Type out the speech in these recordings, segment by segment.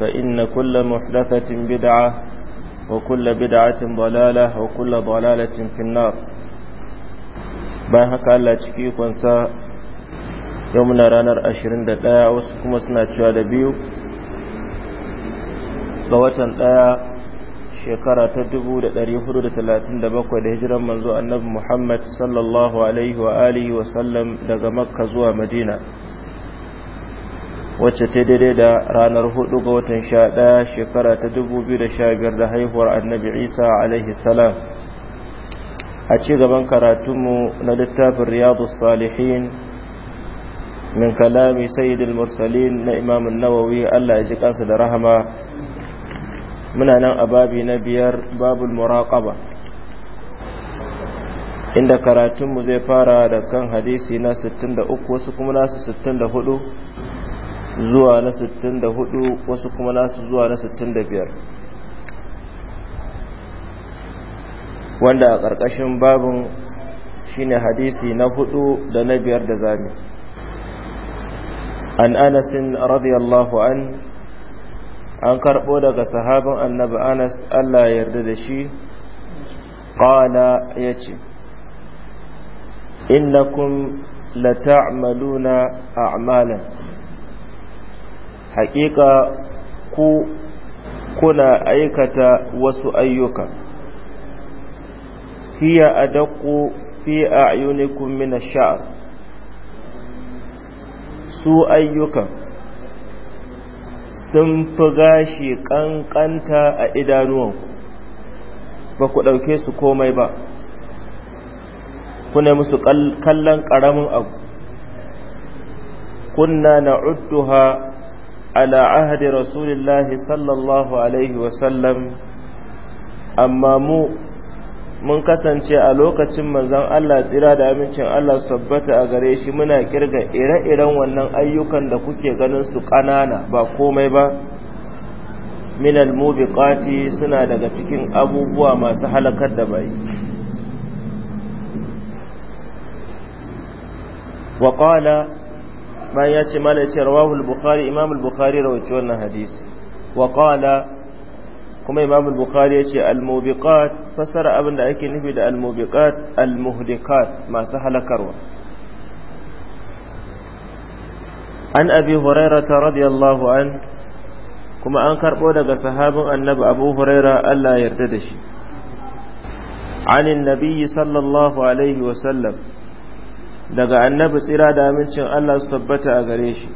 فإن كل محدثة بدعة وكل بدعة ضلالة وكل ضلالة في النار باهك الله تشكيك وانسى يومنا رانر أشرين دقاء وسكم وسنا تشوال بيو بواتن آية shekara ta 1437 da hijiran manzo annabi Muhammad sallallahu alaihi wa alihi wa sallam daga Makka zuwa Madina wacce ta daidai da ranar hudu ga watan sha ɗaya shekara ta dubu biyu da sha biyar da haihuwar annabi isa alaihi salam a ci gaban karatunmu na littafin riyadu salihin min kalami sayyidul mursalin na imamun nawawi allah ya ji kansa da rahama muna nan a babi na biyar babul muraqaba inda karatunmu zai fara da kan hadisi na 63 wasu kuma nasu 64 zuwa na 64 wasu kuma nasu zuwa na 65 wanda a ƙarƙashin babin shine hadisi na hudu da na biyar da zami an anasin radiyallahu an an karɓo daga sahabin annabi anas allah yarda da shi ƙala ya ce innakum lata'maluna a'malan haƙiƙa ku kuna aikata wasu ayyuka hiya adaqqu fi a'yunikum min ash-sha'r su ayyuka sun fi gashi ƙanƙanta a idanuwanku ba ku ɗauke su komai ba kuna musu kallon ƙaramin abu kunna na'udduha على عهد رسول الله صلى الله عليه وسلم أما مو mun kasance a lokacin manzon Allah tsira da amincin Allah su tabbata a gare shi muna kirga ire-iren wannan ayyukan da kuke ganin su ƙanana ba komai ba minal mubiqati suna daga cikin abubuwa masu halakar da bai wa qala bayan ya ce mana ya ce rawahul bukhari imamul bukhari rawaci wannan hadisi wa qala kuma imamul bukhari ya ce almubiqat fasara abin da ake nufi da almubiqat almuhdiqat masu halakarwa an abi hurairah radiyallahu an kuma an karbo daga sahabin annabi abu hurairah Allah ya yarda da shi عن النبي صلى الله عليه وسلم daga annabi tsira da amincin Allah su tabbata a gare shi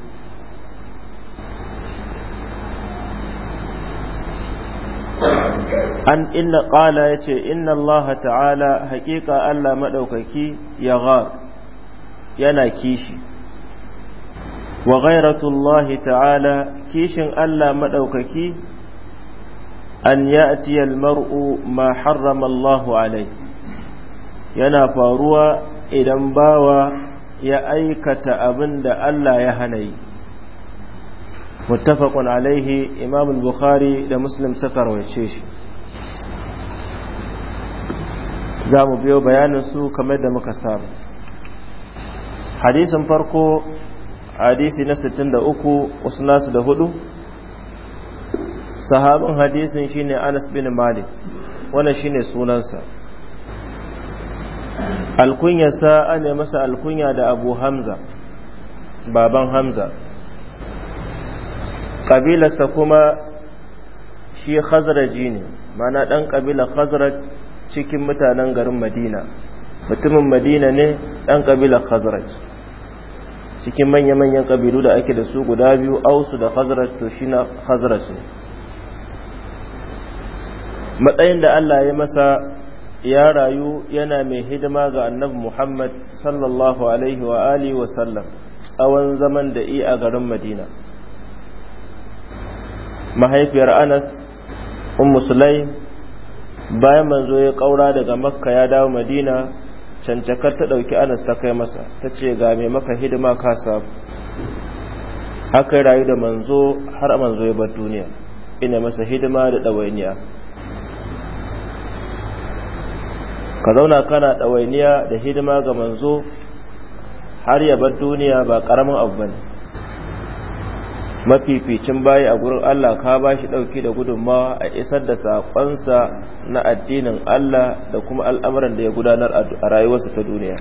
an inna ya yace inna Allah ta'ala haƙiƙa Allah maɗaukaki, ya ghar yana kishi wa ghairatullahi ta'ala kishin Allah maɗaukaki. an ya'ti al-mar'u ma harrama Allah yana faruwa idan bawa ya aikata abin da Allah ya hana yi muttafaqun alaihi imam bukhari da muslim suka rawaice shi za mu biyo bayanin su kamar da muka saba hadisin farko hadisi na 63 usnasu da hudu sahabin hadisin shine anas bin malik wannan shine sunansa alkunyarsa an yi masa alkunya da abu hamza baban hamza ƙabilarsa kuma shi khazraji ne mana ɗan ƙabilar khazraj cikin mutanen garin madina mutumin madina ne ɗan ƙabilar khazraj cikin manya-manyan ƙabilu da ake da su guda biyu ausu da khazraj to shi na khazraj ne matsayin da allah ya masa ya rayu yana mai hidima ga annabi Muhammad sallallahu alaihi wa alihi wa sallam tsawon zaman da i a garin Madina mahaifiyar Anas Ummu Sulaim bayan manzo ya kaura daga Makka ya dawo Madina cancakar ta dauki Anas ta kai masa tace ga mai maka hidima ka samu haka rayu da manzo har manzo ya bar duniya ina masa hidima da ɗawainiya? ka zauna kana ɗawainiya da hidima ga manzo har ya bar duniya ba ƙaramin abu ba ne. mafificin bayi a gurin Allah ka ba shi ɗauki da gudunmawa a isar da saƙonsa na addinin Allah da kuma al'amuran da ya gudanar a rayuwarsa ta duniya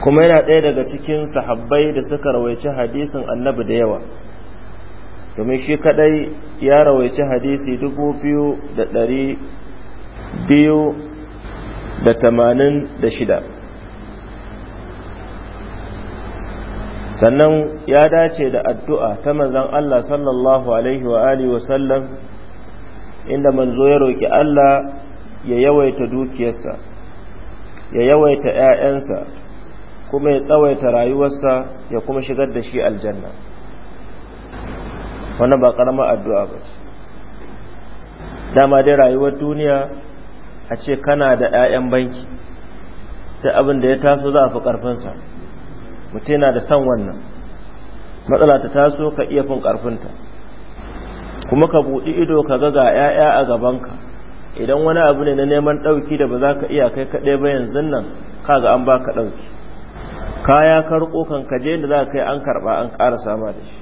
kuma yana ɗaya daga cikin sahabbai da suka rawaici hadisin annabi da yawa domin shi kaɗai ya rawaici hadisi dubu biyu da ɗari biyu da tamanin da shida sannan ya dace da addu'a ta manzan Allah sallallahu Alaihi wa Alihi wasallam inda manzo ya roƙi Allah ya yawaita dukiyarsa ya yawaita ‘ya'yansa kuma ya tsawaita rayuwarsa ya kuma shigar da shi aljanna Wannan ba ƙaramar addu'a ba dama dai rayuwar duniya a ce kana da 'ya'yan banki sai abin da ya taso za a fi ƙarfinsa mutum yana da san wannan matsala ta taso ka iya fin ƙarfinta kuma ka buɗi ido ka ga ga 'ya'ya a gabanka idan wani abu ne na neman ɗauki da ba za ka iya kai kaɗai ba yanzu nan kaga an ba ka ɗauki kaya karko kan kaje da za ka yi an karɓa an ƙara sama da shi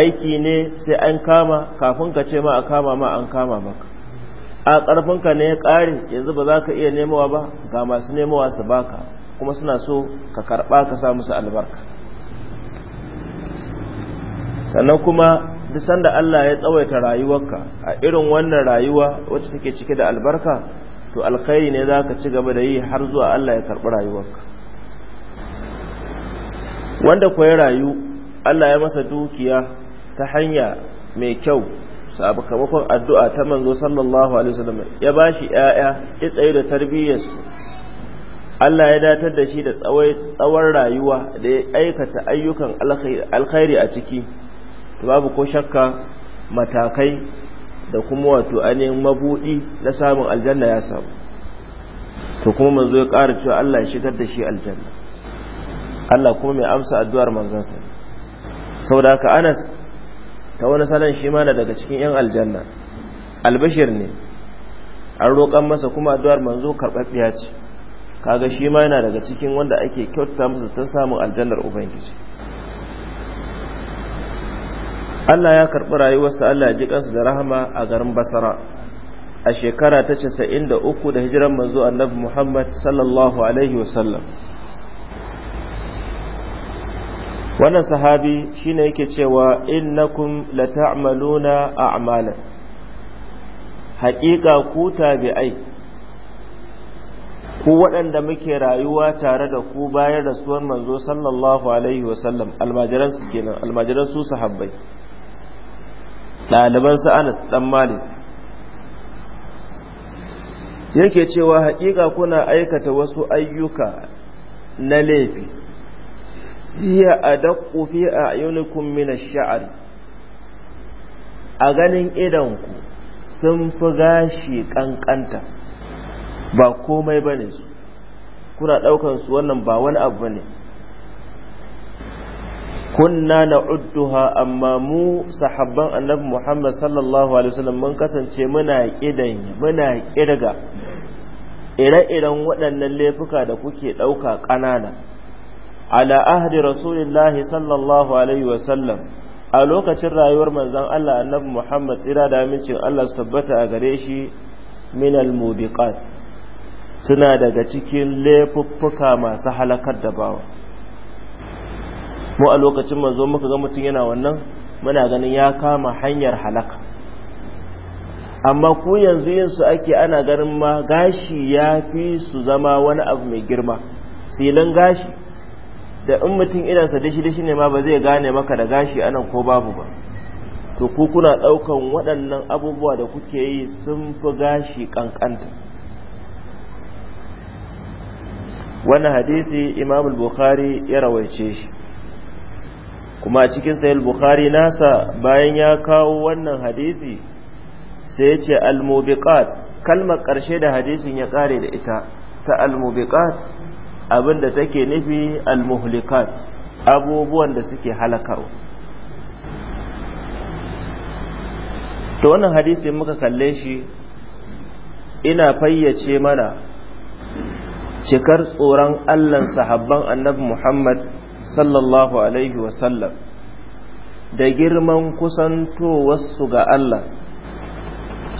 aiki ne sai an kama kafin ka ce ma a kama ma an kama maka a ƙarfinka ne ya ƙare yanzu ba za ka iya nemawa ba ga masu nemawa su baka kuma suna so ka karɓa ka sa musu albarka sannan kuma duk sanda Allah ya tsawaita rayuwarka a irin wannan rayuwa wacce take cike da albarka to alkhairi ne za ka ci gaba da yi har zuwa Allah ya karɓi rayuwarka wanda kwaye rayu Allah ya masa dukiya ta hanya mai kyau sabakamakon addu'a ta manzo sallallahu alaihi wasallam ya shi ‘ya’ya ya tsaye da tarbiyyarsu. Allah ya datar da shi da tsawon rayuwa da ya aikata ayyukan alkhairi a ciki to babu ko shakka matakai da kuma wato ainihin mabudi na samun aljanna ya samu to kuma manzo ya ƙara cewa Allah ya shigar da shi aljanna Allah kuma mai amsa addu'ar manzansa saboda haka Anas ta wani salon shi ma na daga cikin yan aljanna albashir ne an roƙon masa kuma addu'ar manzo karɓaɓɓiya ce kaga shi ma yana daga cikin wanda ake kyauta masa ta samun aljannar ubangiji Allah ya karɓi rayuwarsa Allah ya ji kansa da rahama a garin basara a shekara ta 93 da hijiran manzo Annabi Muhammad sallallahu alaihi wasallam wannan sahabi shine yake cewa innakum lata'maluna a'malan haƙiƙa ku tabi'ai ku waɗanda muke rayuwa tare da ku bayan rasuwar manzo sallallahu alaihi wa sallam almajiran su kenan almajiran su sahabbai ɗaliban su Anas dan Malik yake cewa haƙiƙa kuna aikata wasu ayyuka na laifi hiya adaqqu fi a'yunikum min ash-sha'r a ganin ku sun fi gashi kankanta ba komai bane su kuna daukan su wannan ba wani abu bane kunna na'udduha amma mu sahabban annabi Muhammad sallallahu alaihi wasallam mun kasance muna kidan muna kirga ire-iren waɗannan laifuka da kuke ɗauka ƙanana ala ahdi rasulillahi sallallahu alaihi sallam, a lokacin rayuwar manzon Allah annabi Muhammad tsira da amincin Allah su tabbata a gare shi min suna daga cikin laifuffuka masu halakar da bawa mu a lokacin manzo muka ga mutum yana wannan muna ganin ya kama hanyar halaka amma ku yanzu yin su ake ana ganin ma gashi ya fi su zama wani abu mai girma silin gashi da in mutum shi dashi dashi ne ma ba zai gane maka da gashi anan ko babu ba to ku kuna daukan waɗannan abubuwa da kuke yi sun fi gashi kankanta wannan hadisi imam al-bukhari ya rawaice shi kuma a cikin sahih al-bukhari nasa bayan ya kawo wannan hadisi sai ya ce al-mubiqat kalmar ƙarshe da hadisin ya ƙare da ita ta al-mubiqat abin da take nufi al-muhlikat abubuwan da suke halakarwa to wannan hadisi muka kalle shi ina fayyace mana cikar tsoron allan sahabban annabi muhammad sallallahu alaihi wasallam da girman kusantowarsu ga allah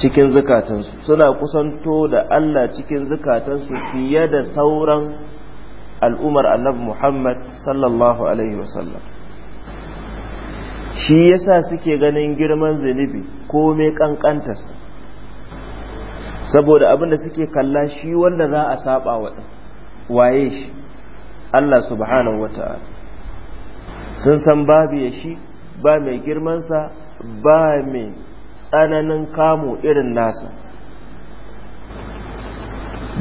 cikin zukatansu suna kusanto da allah cikin zukatansu fiye da sauran al'umar annabi Muhammad sallallahu Alaihi wasallam shi yasa suke ganin girman zunubi ko mai kankantarsa saboda da suke kalla shi wanda za a saba wa waye shi Allah subhanahu wa ta'ala sun san babu ya shi ba mai girmansa ba mai tsananin kamu irin nasa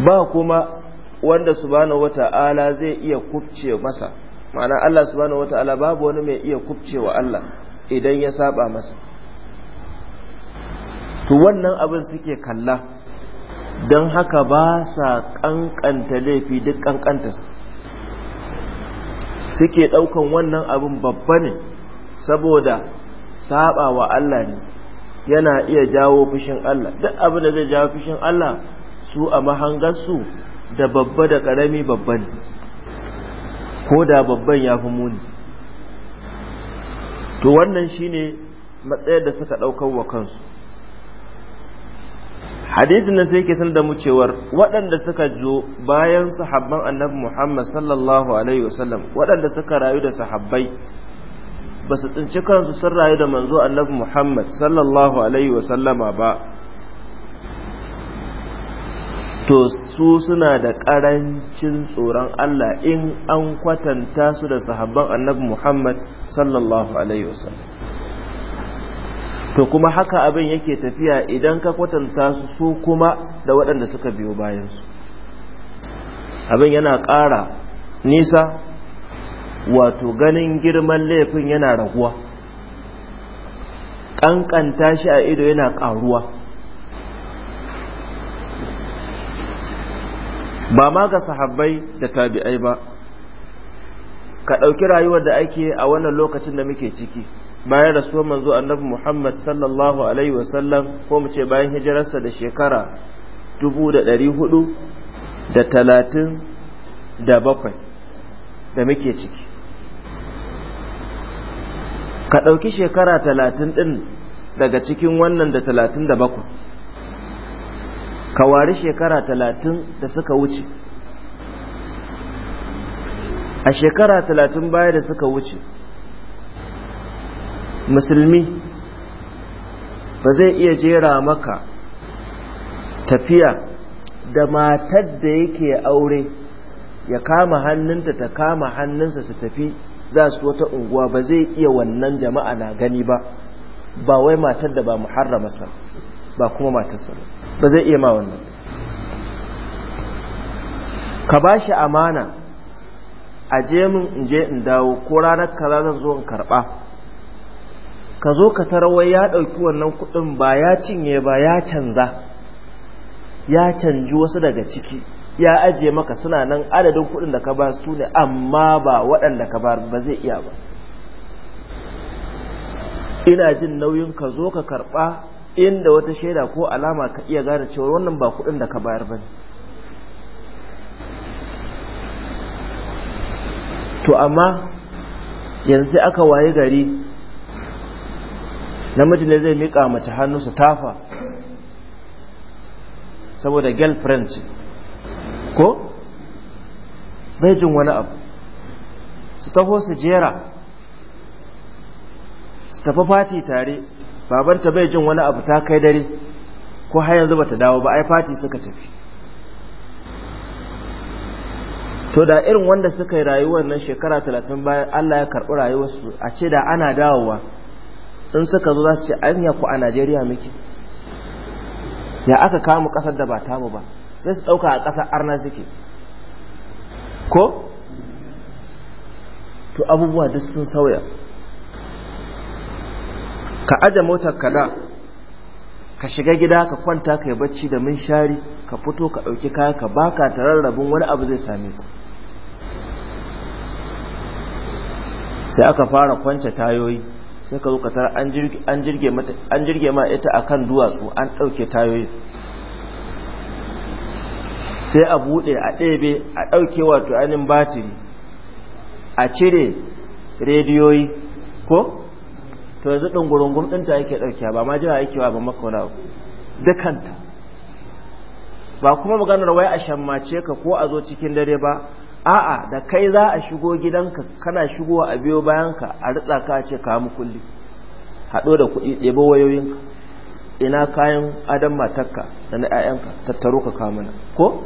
ba kuma wanda subhanahu wata'ala zai iya kufce masa ma'ana Allah subhanahu wata'ala babu wani mai iya kufcewa Allah idan ya saba masa to wannan abin suke kalla don haka ba sa kankanta laifi duk su, suke daukan wannan abin babba ne saboda saba wa Allah ne yana iya jawo fushin Allah duk abin da zai jawo fushin Allah su a mahangarsu da babba da karami babban. ko da babban ya fi muni to wannan shine matsayar da suka ɗaukar wa kansu hadisin nan sai ke sanar da mu cewar waɗanda suka jo bayan sahabban annabi Muhammad sallallahu alaihi wasallam waɗanda suka rayu da sahabbai ba su tsinci kansu sun rayu da manzo annabi Muhammad sallallahu alaihi wasallama ba to su suna da ƙarancin tsoron Allah in an kwatanta su da sahabban annabi Muhammad sallallahu alaihi wasallam to kuma haka abin yake tafiya idan ka kwatanta su su kuma da waɗanda suka biyo bayansu abin yana ƙara nisa wato ganin girman laifin yana raguwa ƙanƙanta shi a ido yana ƙaruwa ba ma ga sahabbai da tabi'ai ba ka ɗauki rayuwar da ake a wannan lokacin da muke ciki bayan rasuwar manzo annabi Muhammad sallallahu alaihi wasallam ko mu ce bayan hijirarsa da shekara dubu da ɗari hudu da talatin da bakwai da muke ciki ka ɗauki shekara talatin ɗin daga cikin wannan da talatin da bakwai ka wari shekara talatin da suka wuce a shekara talatin baya da suka wuce musulmi ba zai iya jera maka tafiya da matar da yake aure ya kama hannunta ta kama hannunsa su tafi za su wata unguwa ba zai iya wannan jama'a na gani ba ba wai matar da ba masa ba kuma matarsa ba ba zai iya ma wannan ka ba shi amana a je min in je in dawo ko ranar kaza zan zo in karba ka zo ka tarawai ya ɗauki wannan kuɗin ba ya cinye ba ya canza ya canji wasu daga ciki ya ajiye maka suna nan adadin kuɗin da ka ba su ne amma ba waɗanda ka ba ba zai iya ba ina jin nauyin ka zo ka karɓa inda wata shaida ko alama ka iya gane cewa wannan ba kuɗin da ka bayar ba to amma yanzu sai aka waye gari namiji ne zai mika mace hannu su tafa saboda girlfriend ko bai jin wani abu su taho su jera su tafi fati tare babanta bai jin wani abu ta kai dare ko har yanzu bata dawo ba ai fati suka tafi to da irin wanda suka yi rayuwar nan shekara talatin bayan Allah ya karɓi rayuwarsu a ce da ana dawowa in suka zo za su ce anya ku a Najeriya muke ya aka kamu ƙasar da ba tamu ba sai su ɗauka a ƙasar arna suke ko to abubuwa duk sun sauya ka aje motar ka ka shiga gida ka kwanta ka yi bacci da shari ka fito ka ɗauki kaya ka baka ta rarrabin wani abu zai same ta sai aka fara kwance tayoyi sai ka zo ka tara an jirge ma ita akan duwatsu an ɗauke tayoyi sai a buɗe a ɗebe a ɗauke wato ainihin batiri a cire rediyoyi ko to yanzu ɗungurungun ɗinta yake ɗauke ba ma jira yake ba maka wani abu dukanta ba kuma maganar wai a shammace ka ko a zo cikin dare ba a'a da kai za a shigo gidanka kana shigo a biyo bayan ka a ritsa ka ce ka mu kulli haɗo da kuɗi ɗebo wayoyin ina kayan adam matarka da na 'ya'yanka tattaro ka kamuna ko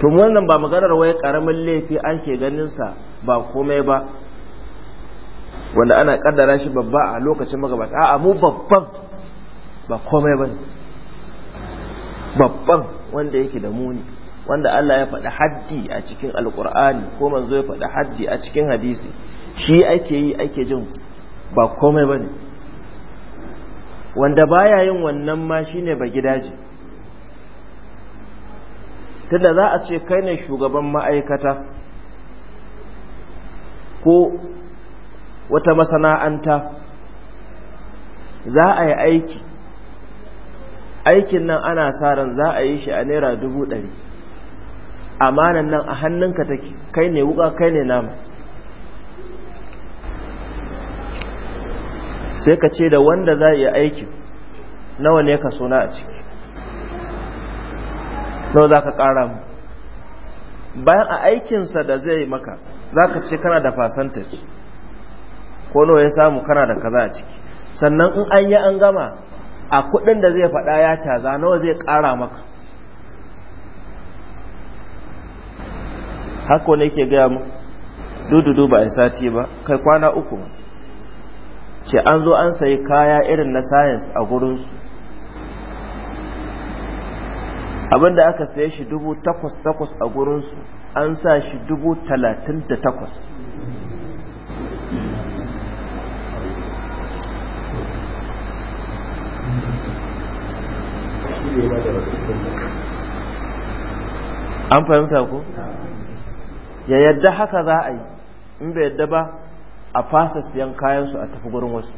to wannan ba maganar wai karamin laifi an ke ganin sa ba komai ba wanda ana kaddara shi babba a lokacin magabata a'a mu babban ba komai bane babban wanda yake da muni wanda Allah ya faɗi haddi a cikin alkur'ani ko manzo ya faɗi haddi a cikin hadisi shi ake yi ake jin ba komai bane wanda baya yin wannan ma shine ba gidaje tunda za a ce kai ne shugaban ma'aikata ko wata masana'anta za a yi aiki aikin nan ana sa ran za a yi shi a naira dubu ɗari amanan nan a hannunka take kai ne wuka kai ne nama sai ka ce da wanda za a yi aiki nawa ne ka suna a ciki nawa za ka ƙara mu bayan a aikinsa da zai maka za ka ce kana da fasantar ko nawa ya samu kana da kaza a ciki sannan in an yi an gama a kuɗin da zai faɗa ya caza nawa zai ƙara maka haka ne ke gaya mu dududu ba a sati ba kai kwana uku ce an zo an sayi kaya irin na science a gurinsu abinda aka saye shi dubu takwas takwas a gurinsu an sa shi dubu talatin da takwas an fahimta ko ya yadda haka za a yi in bai yadda ba a fasa siyan kayansu a tafi gurin wasu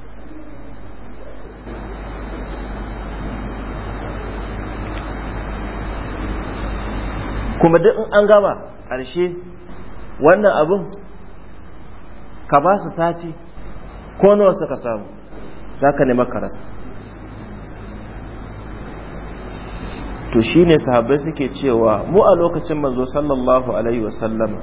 kuma duk in an gama ƙarshe wannan abin ka ba su sati ko nawa suka samu za ka nema ka rasa to shi ne sahabai suke cewa mu a lokacin manzo sallallahu alaihi wasallam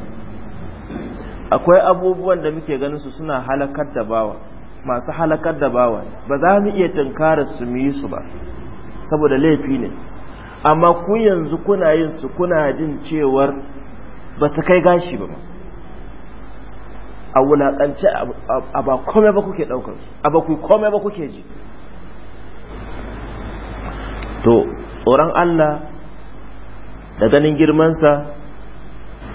akwai abubuwan da muke ganin su suna halakar da bawa masu halakar da bawa ba za mu iya tunkara su mu yi su ba saboda laifi ne amma ku yanzu kuna yin su kuna jin cewar ba su kai gashi ba a wulaƙance a ba komai ba kuke ɗaukar a ba ku komai ba kuke ji to tsoron Allah da ganin girmansa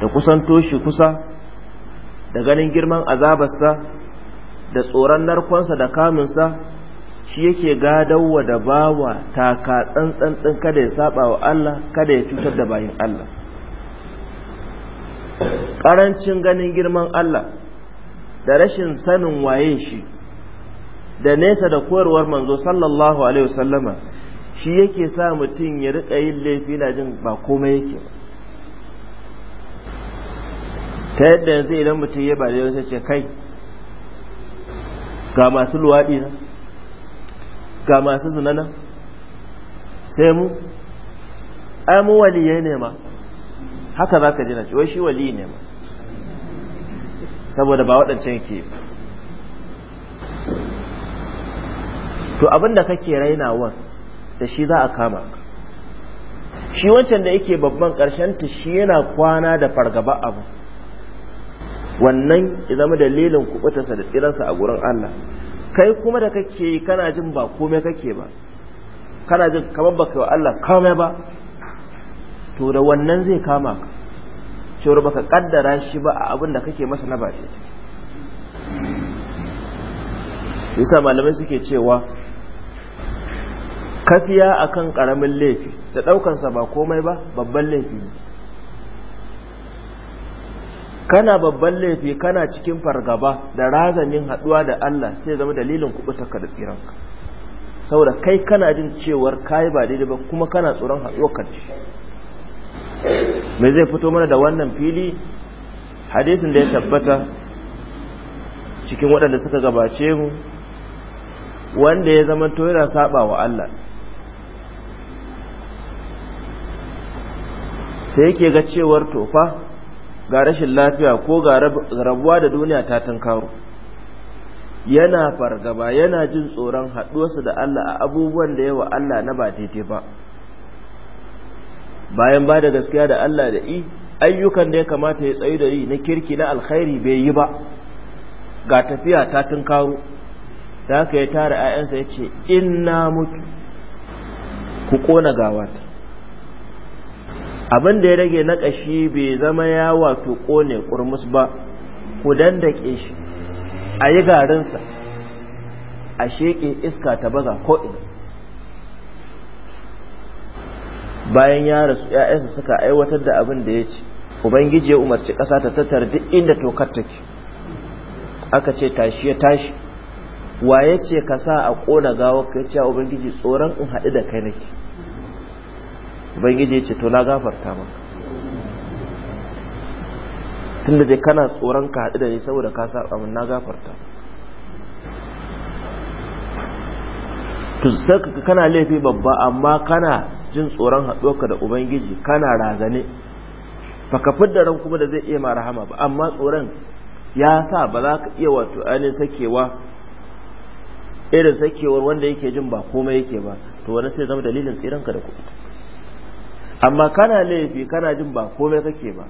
da kusanto shi kusa da ganin girman azabarsa da tsoron narkonsa da kamunsa shi yake gadawa da bawa taka tsantsan kada ya saba wa Allah kada ya cutar da bayin Allah ƙarancin ganin girman Allah da rashin sanin waye shi da nesa da koyarwar manzo sallallahu alaihi wasallama shi yake sa mutum ya riƙa yin laifi na jin ba komai yake ba ta yadda yanzu idan mutum ya ba da yawan ce kai ga masu luwaɗi na ga masu zunana sai mu ai mu waliyai ne ma haka za ka jina ce wai shi waliyi ne ma saboda ba waɗancan ke to abinda kake rainawa da shi za a kama shi wancan da yake babban ta shi yana kwana da fargaba abu wannan ya zama dalilin kubutarsa da tsiransa a gurin Allah kai kuma da kake kana jin ba komai kake ba kana jin kamar baka wa Allah komai ba to da wannan zai kama ka cewar baka kaddara shi ba a abin da kake masa na bashi yasa malamai suke cewa kafiya akan karamin laifi da ɗaukansa ba komai ba babban laifi kana babban laifi kana cikin fargaba da razanin haɗuwa da Allah sai zama dalilin ka da tsiranka saboda kai kana jin cewar kai ba daidai ba kuma kana tsoron haɗuwa da shi me zai fito mana da wannan fili hadisin da ya tabbata cikin waɗanda suka gabace mu wanda ya zama to yana saba wa Allah sai yake ga cewar tofa ga rashin lafiya ko ga rabuwa da duniya ta tunkaro yana fargaba yana jin tsoron haɗuwarsa da Allah a abubuwan da yawa Allah na ba daidai ba bayan ba da gaskiya da Allah da i ayyukan da ya kamata ya tsayi da yi na kirki na alkhairi bai yi ba ga tafiya ta tunkaro da haka ya tara 'ya'yansa ya ce in na mutu ku ƙona gawata abin da ya rage na ƙashi bai zama ya wato ƙone ƙurmus ba ku dandake shi a yi garinsa a sheƙe iska ta baza ko'ina bayan ya rasu ‘ya'yansa suka aiwatar da abin da ya ce ubangiji ya umarci ƙasa ta tattara duk inda tokar take aka ce tashi ya tashi waye ce ka sa a ƙona gawa ka ya ce ubangiji tsoron in haɗu da kai nake ubangiji ya ce to na gafarta maka tunda dai kana tsoron ka haɗu da ni saboda ka saba mun na gafarta to kana laifi babba amma kana jin tsoron haɗuwarka da ubangiji kana razane ba ka fidda ran kuma da zai iya ma rahama ba amma tsoron ya sa ba za ka iya wato ainihin sakewa irin sakewar wanda yake jin ba komai yake ba to wani sai zama dalilin tsiranka da kuɗi amma kana laifi kana jin ba komai kake ba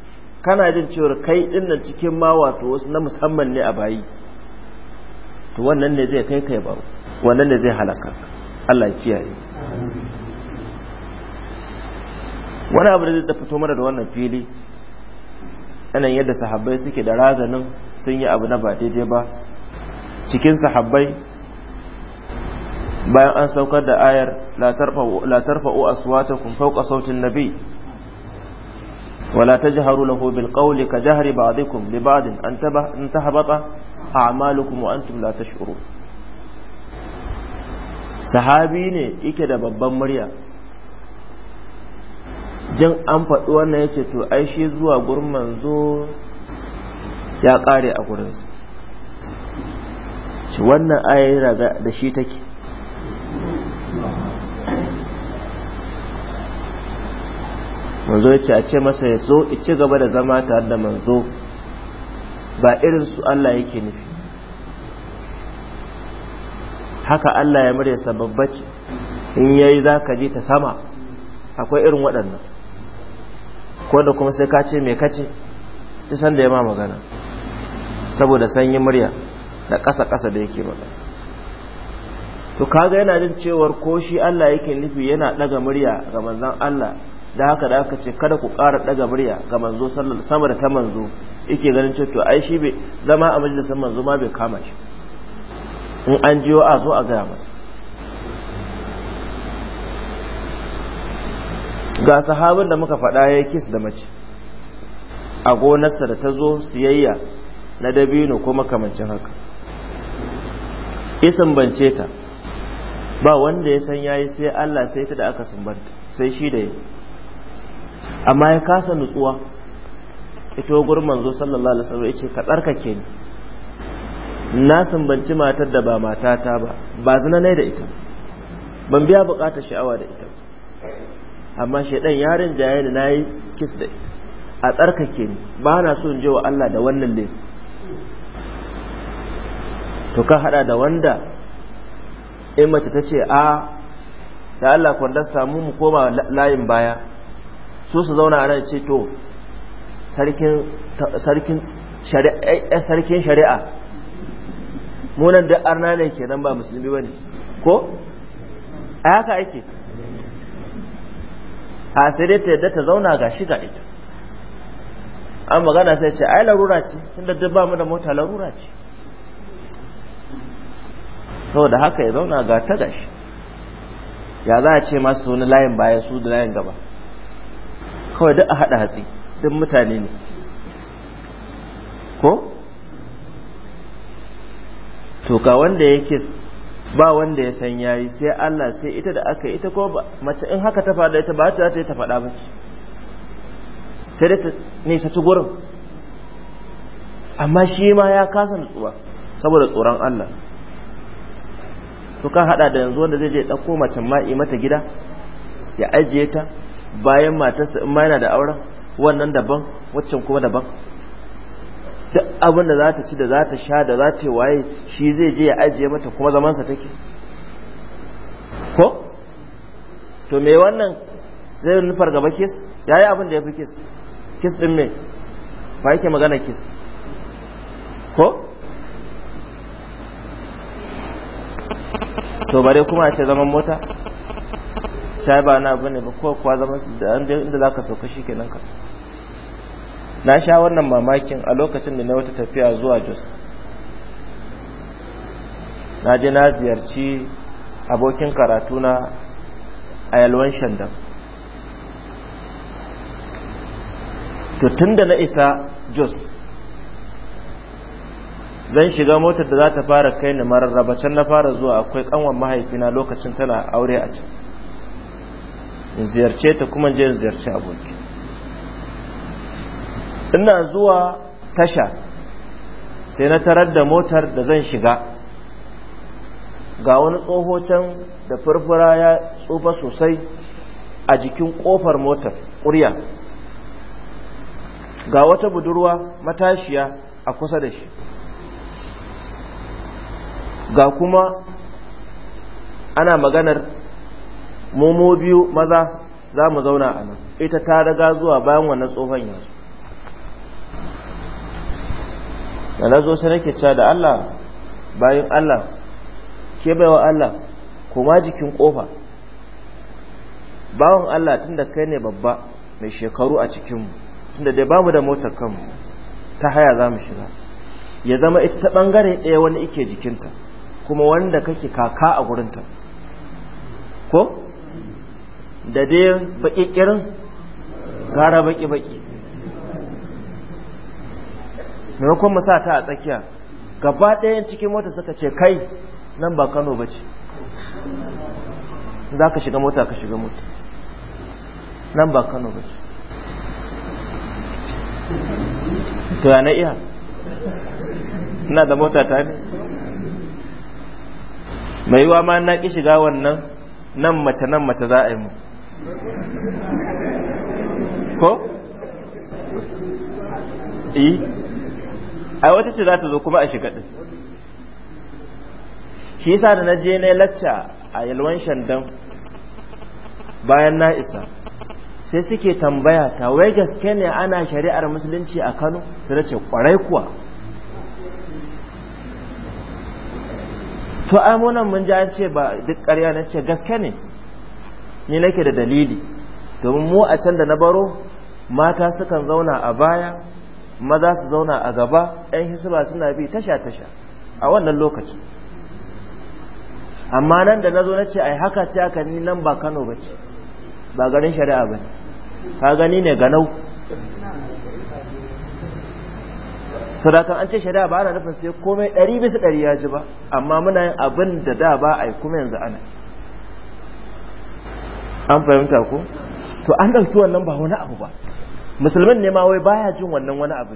kana jin cewar kai dinnan cikin ma wato wasu na musamman ne a bayi to wannan ne zai kai kai ba wannan ne zai halaka Allah ya kiyaye wani abu da zai fito mana da wannan fili yanayin yadda sahabbai suke da razanin sun yi abu na ba daidai ba cikin sahabbai bayan an saukar da ayar la tarfa'u aswatakum fawqa sautin nabi wala tajharu lahu bil qawli ka jahri ba'dikum li ba'din an tahabata a'malukum wa antum la tash'urun sahabi ne yake da babban murya jin an faɗi wannan yace to ai shi zuwa gurin manzo ya ƙare a gurinsa shi wannan ayar da shi take manzo ya ce a ce masa ya zo ci gaba da zama tare da manzo ba irin su Allah yake nufi haka Allah ya murya sababbaci in yayi za ka ta sama akwai irin waɗannan ko da kuma sai ka ce mai kace ta san da ya ma magana saboda yi murya da ƙasa-ƙasa da yake magana to kaga yana jin cewar ko shi Allah yake nufi yana daga murya ga manzon Allah da haka da aka ce kada ku ƙara daga murya ga manzo sallallahu sama da ta manzo yake ganin cewa to ai shi bai zama a majalisar manzo ma bai kama shi in an jiyo a zo a gaya masa ga sahabin da muka faɗa ya kis da mace a gonarsa da ta zo siyayya na dabino ko makamancin haka isan bance ta ba wanda ya san yayi sai Allah sai ta da aka sumbanta sai shi da amma ya kasa nutsuwa ito gurin manzo sallallahu alaihi wasallam yace ka tsarkake ni na sumbanci matar da ba matata ba ba zina nai da ita ban biya bukatar sha'awa da ita amma shaidan yarin jaye da nayi kiss da ita a tsarkake ni ba na so in je wa Allah da wannan laifin to ka hada da wanda in mace ta ce a da Allah kwallasta samu mu koma layin baya su su zauna a nan ce to sarkin shari'a eh, eh, munan da arna ne kenan ba musulmi ba ne ko a haka ake a sai dai ta yadda ta zauna ga shi ga ita an magana sai ce ai larura ce inda duk ba mu da mota larura ce saboda haka ya zauna ga ta gashi ya za a ce masu wani layin baya su da layin gaba kawai duk a haɗa hatsi duk mutane ne ko to ga wanda yake ba wanda ya san yayi sai Allah sai ita da aka ita ko mace in haka ta faɗa ita ba ta ta faɗa ba sai da ta nisa ci gurin amma shi ma ya kasa nutsuwa saboda tsoron Allah to kan hada da yanzu wanda zai je dauko macen ma'i mata gida ya ajiye ta bayan matarsa in ma yana da auren wannan daban waccan kuma daban duk abin da za ci da za sha da za ta waye shi zai je ya ajiye mata kuma zamansa take ko to me wannan zai nufar gaba kis ya yi abin da ya fi kis kis din me ba yake magana kis ko to bare kuma ce zaman mota sai ba na abu ne ba ko kuwa su da inda zaka sauka shi kenan ka na sha wannan mamakin a lokacin da na wata tafiya zuwa Jos na je na ziyarci abokin karatu na a yalwan shandam to tunda na isa Jos zan shiga motar da za ta fara kai ni mararraba can na fara zuwa akwai kanwar mahaifina lokacin tana aure a can in ziyarce ta kuma je in ziyarci aboki ina zuwa tasha sai na tarar da motar da zan shiga ga wani tsoho can da furfura ya tsufa sosai a jikin kofar motar ƙurya ga wata budurwa matashiya a kusa da shi ga kuma ana maganar momo biyu maza za mu zauna a nan ita ta daga zuwa bayan wannan tsohon yanzu da na zo sai nake cewa da Allah bayan Allah ke baiwa Allah kuma jikin kofa bawan Allah tunda kai ne babba mai shekaru a cikinmu tunda dai bamu da motar kanmu ta haya za mu shiga ya zama ita ta bangare ɗaya wani ike jikinta kuma wanda kake kaka a gurinta ko da dai baƙiƙirin gara baƙi-baƙi maimakon mu sa ta a tsakiya gaba ɗaya cikin mota suka ce kai nan ba kano ba ce za ka shiga mota ka shiga mota nan ba kano ba ce to yana iya ina da mota ta ne mai wa ma na ki shiga wannan nan mace nan mace za a yi mu ko yi eh. a wata ce za ta zo kuma a shiga ɗin shi yasa da na je na lacca a yalwan shandan bayan na isa sai suke tambaya ta wai gaske ne ana shari'ar musulunci a kano sai ce kwarai kuwa to amunan mun ji an ce ba duk ƙarya na ce gaske ne ni nake da dalili domin mu a can da na baro mata sukan zauna a baya maza su zauna a gaba yan hisba suna bi tasha tasha a wannan lokaci amma nan da nazo na ce ai haka ce aka ni nan ba Kano ba ba garin shari'a ba ka gani ne ganau sadakan an ce shari'a ba ana nufin sai komai ɗari bisa ɗari ya ji ba amma muna yin abin da da ba a yi kuma yanzu ana an fahimta ko to an ɗauki wannan ba wani abu ba musulmin ne ma wai baya jin wannan wani abu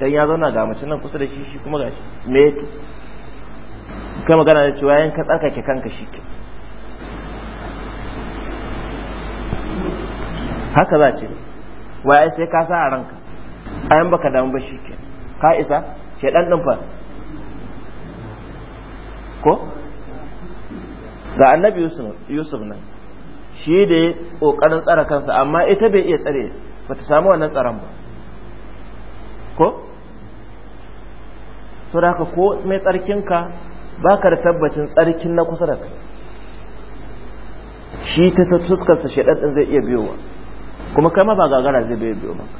dan ya zauna ga mace nan kusa da shi shi kuma shi me yake kai magana da cewa yan ka tsarkake kanka shi ke haka za ce wai sai ka sa a ranka ayan baka damu ba shi ke Ka'isa, shaidan din fa ko ga annabi yusuf nan shi da ya kokarin tsara kansa amma ita bai iya tsare ba ta samu wannan tsaron ba ko so ko mai tsarkinka baka da tabbacin tsarkin na kusa da kai shi ta shaidan din zai iya biyowa kuma kai ma ba gagara zai biyo maka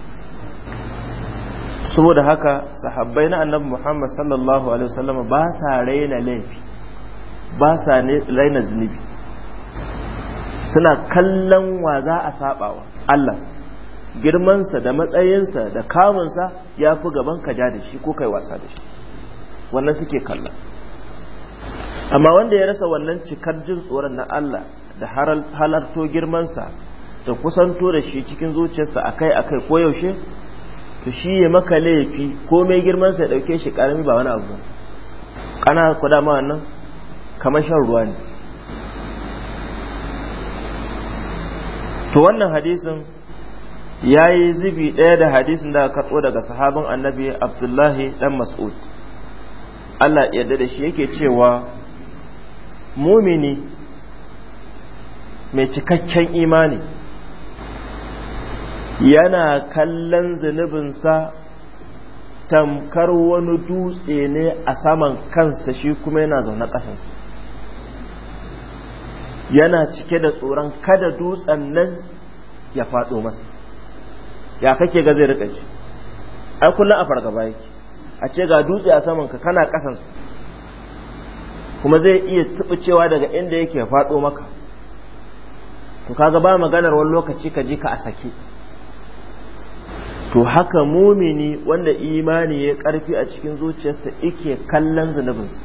saboda haka sahabbai na annabi Muhammad sallallahu alaihi wasallam ba sa raina laifi ba sa raina zunubi suna kallon wa za a sabawa Allah girmansa da matsayinsa da kamunsa ya fi gaban ka ja da shi ko kai wasa da shi wannan suke kalla amma wanda ya rasa wannan cikar jin tsoron na Allah da halarto girmansa da kusanto da shi cikin zuciyarsa akai akai koyaushe to shi ya maka laifi ko mai girman sa dauke shi karami ba wani abu kana ku dama wannan kamar shan ruwa ne to wannan hadisin yayi zubi ɗaya da hadisin da karɓo daga sahabin annabi abdullahi ɗan mas'ud Allah yarda da shi yake cewa mumini mai cikakken imani yana kallon zunubinsa tamkar wani dutse ne a saman kansa shi kuma yana zaune ƙasansa yana cike da tsoron kada dutsen nan ya faɗo masa ya kake ga zai riƙa ji kullum a fargaba yake a ce ga dutse a saman ka kana ƙasansa kuma zai iya cewa daga inda yake ya faɗo maka to kaga ba maganar wani lokaci ka ji ka a sake to haka mumini wanda imani ya ƙarfi a cikin zuciyarsa ike kallon zunubinsa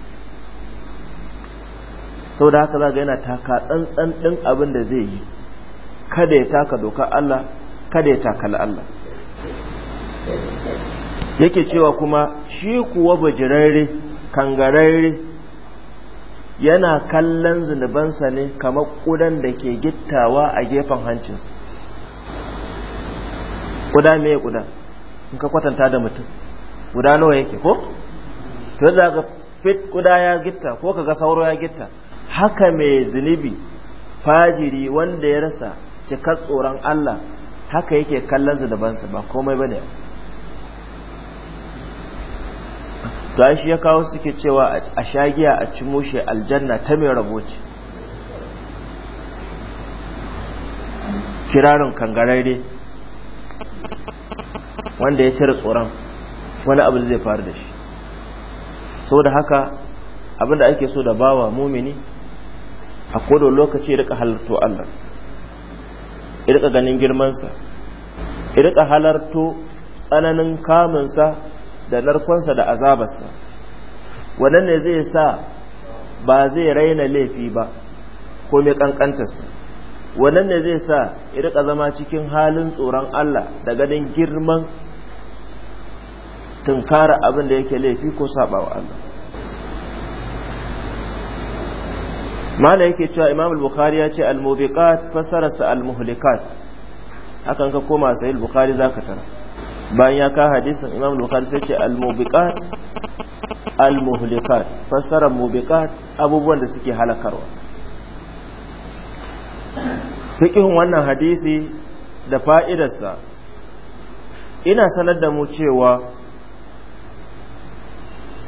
sau da haka zaga yana taka tsantsan ɗin abin da zai yi kada ya taka doka Allah kada ya takala Allah yake cewa kuma shi kuwa bajirarri kangarari yana kallon zunubansa ne kamar ƙudan da ke gittawa a gefen hancinsa kuda me kuda in ka kwatanta da mutum kuda nawa yake ko to yadda ka fit kuda ya gitta ko kaga sauro ya gitta haka mai zunubi fajiri wanda ya rasa cikar tsoron Allah haka yake kallon su ba komai ne to shi ya kawo suke cewa a shagiya a cimushe aljanna ta mai raboci. ce kirarin kangararre wanda ya cire tsoron wani abu zai faru da shi so da haka abinda ake so da bawa mumini a kodon lokaci rika halarto Allah rika ganin girmansa rika halarto tsananin kamunsa da narkonsa da azabarsa wannan ne zai sa ba zai raina laifi ba ko mai kankantarsa wannan ne zai sa ya zama cikin halin tsoron Allah da ganin girman tunkara abin da yake laifi ko sabawa Allah mala yake cewa imam al-bukhari ya ce al-mubiqat sa al-muhlikat hakan ka koma sai al-bukhari zaka tara bayan ya ka hadisin imam al-bukhari sai ce al-mubiqat al-muhlikat fasara mubiqat abubuwan da suke halakarwa fikin wannan hadisi da fa'idarsa ina sanar da mu cewa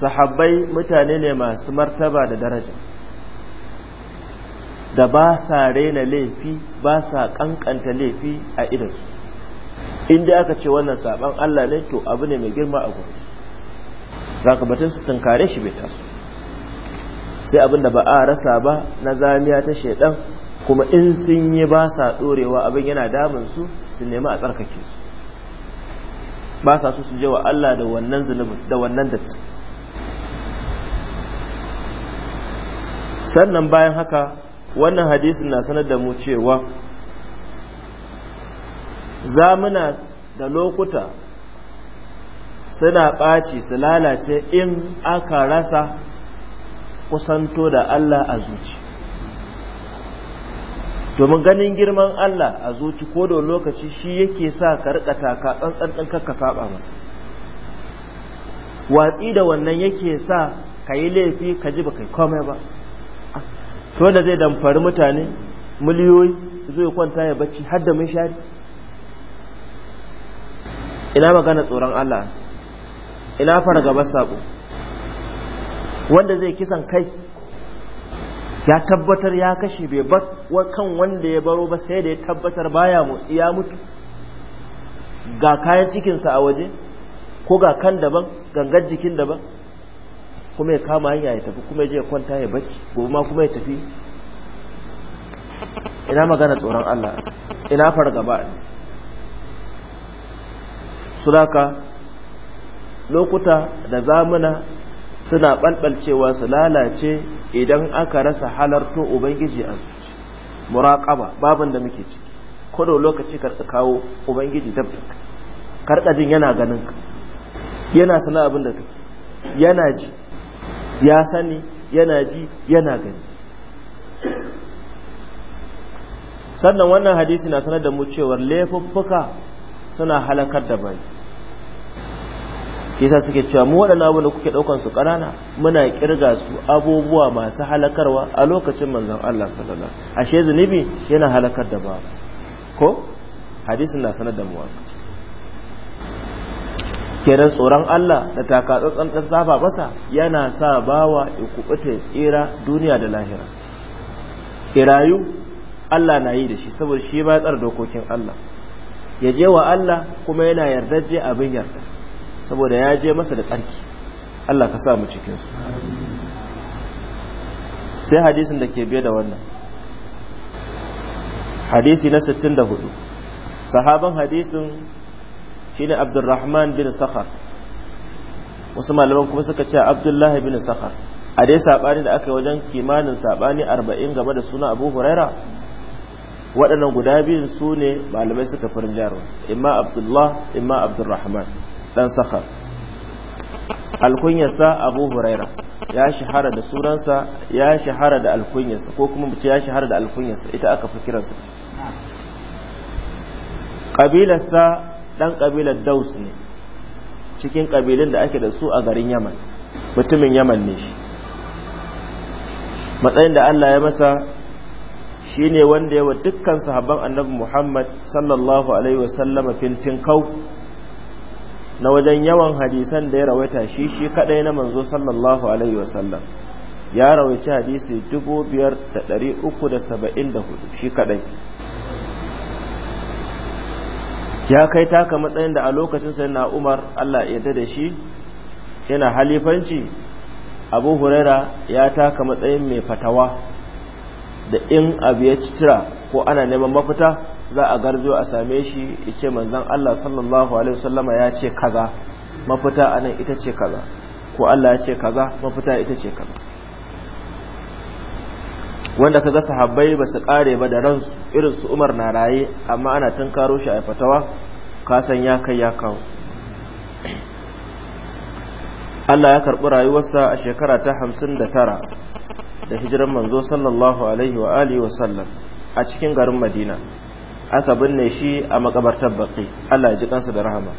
sahabbai mutane ne masu martaba da daraja da ba sa rena laifi ba sa kankanta laifi a idansu inda aka ce wannan saban Allah ne to abu ne mai girma a gudu rakabatun su tunkare shi bai taso sai abin da ba a rasa ba na zamiya ta shaidan kuma in sun yi ba sa tsorewa abin yana damun su su nemi a tsarkake su ba sa su su je wa Allah da wannan zunubin da wannan datti sannan bayan haka wannan hadisin na sanar da mu cewa zamuna da lokuta suna ɓaci su lalace in aka rasa kusanto da Allah a zuci domin ganin girman Allah a zuci ko da lokaci shi yake sa ka rika taka tsantsan din ka saba masa watsi da wannan yake sa ka yi laifi ka ji baka komai ba to da zai damfari mutane miliyoyi zai kwanta ya bacci har da mishari ina magana tsoron Allah ina gaba sabo wanda zai kisan kai ya tabbatar ya kashe bai bar kan wanda ya baro ba sai da ya tabbatar baya motsi ya mutu ga kayan cikinsa a waje ko ga kan daban gangar jikin daban kuma ya kama hanya ya tafi kuma ya je ya kwanta ya bacci gobe ma kuma ya tafi ina magana tsoron Allah ina fargaba ne sulaka lokuta da zamuna suna balbalcewa su lalace idan aka rasa halarto ubangiji a zuci muraqaba babin da muke ciki kodo lokaci ka kawo ubangiji dab da karka jin yana ganin ka yana sana abin da kake yana ji ya sani yana ji yana gani sannan wannan hadisi na sanar da mu cewar laifuffuka suna halakar da bai yasa suke cewa mu waɗannan abubuwan da kuke ɗaukan su ƙanana muna kirga su abubuwa masu halakarwa a lokacin manzon Allah sallallahu alaihi ashe zunubi yana halakar da ba ko hadisin na sanar da mu kenan tsoron Allah da takatsantsan ta safa masa yana sa bawa ya kubuta tsira duniya da lahira irayu Allah na yi da shi saboda shi ba tsar dokokin Allah ya je wa Allah kuma yana yarda je abin yarda saboda ya je masa da tsarki Allah ka sa mu cikin su sai hadisin da ke biye da wannan hadisi na 64 sahaban hadisin shi ne Abdurrahman bin Sakhar wasu malaman kuma suka ce Abdullahi bin Sakhar a dai sabani da aka yi wajen kimanin sabani 40 game da suna Abu Huraira waɗannan guda biyun su ne malamai suka farin jarwa imma Abdullah imma Abdurrahman dan sakhar alkunyarsa abu huraira ya shahara da sunansa ya shahara da alkunyarsa ko kuma mace ya shahara da alkunyarsa ita aka fi kiransa ƙabilarsa ɗan ƙabilar daus ne cikin ƙabilun da ake da su a garin yaman mutumin yaman ne shi matsayin da allah ya masa shi ne wanda yawa dukkan sahabban annabi muhammad sallallahu alaihi wasallama fintin kau na wajen yawan hadisan da ya rawaita shi shi kadai na manzo sallallahu alaihi wasallam ya rawaici hadisi 5374 shi kadai ya kai taka matsayin da a lokacin sai na umar Allah ya da shi yana halifanci abu huraira ya taka matsayin mai fatawa da in abu ya citira ko ana neman mafita za a garzo a same shi ce manzon Allah sallallahu alaihi wasallama ya ce kaza mafita a nan ita ce kaza ko Allah ya ce kaza mafita ita ce kaza wanda ka gasa habai ba su kare ba da ransu irin su Umar na raye amma ana tunkaro shi a fatawa kasan ya kai ya kawo Allah ya karɓi rayuwarsa a shekara ta hamsin da tara da hijiran manzo sallallahu alaihi wa alihi wa sallam a cikin garin Madina aka binne shi a makabartar baki Allah ya ji kansa da rahama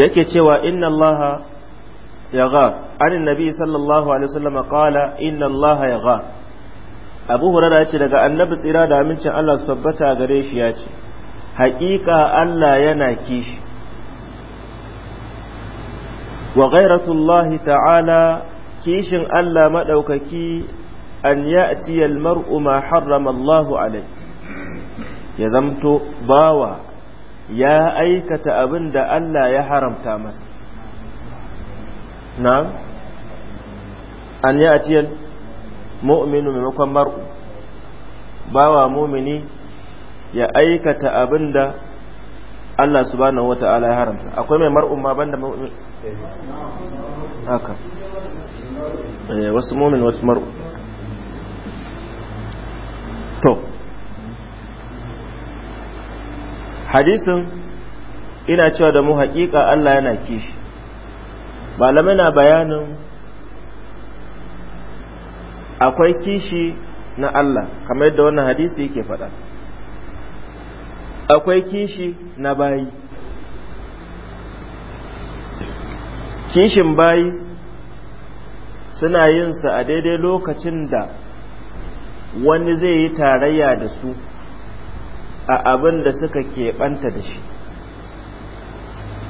yake cewa inna allaha ya gha anin nabi sallallahu alaihi wasallam qala inna allaha ya gha abu hurara ya ce daga annabi tsira da amincin Allah su tabbata gare shi ya ce haƙiƙa Allah yana kishi wa ghairatullahi ta'ala kishin Allah maɗaukaki an ya'ti mar'u ma harrama Allahu alai ya zamto bawa ya aikata abin da Allah ya haramta masa na an ya'ti mu'minu maimakon mar'u bawa mumini ya aikata abin da Allah subhanahu wata'ala ya haramta akwai mai mar'un ma banda mu'min haka eh, wasu mu'min wasu mar'u to hadisin ina cewa da mu haƙiƙa Allah yana kishi malamai na bayanin akwai kishi na Allah kamar yadda wannan hadisi yake faɗa akwai kishi na bayi kishin bayi suna yin sa a daidai lokacin da wani zai yi tarayya da su a abin da suka keɓanta da shi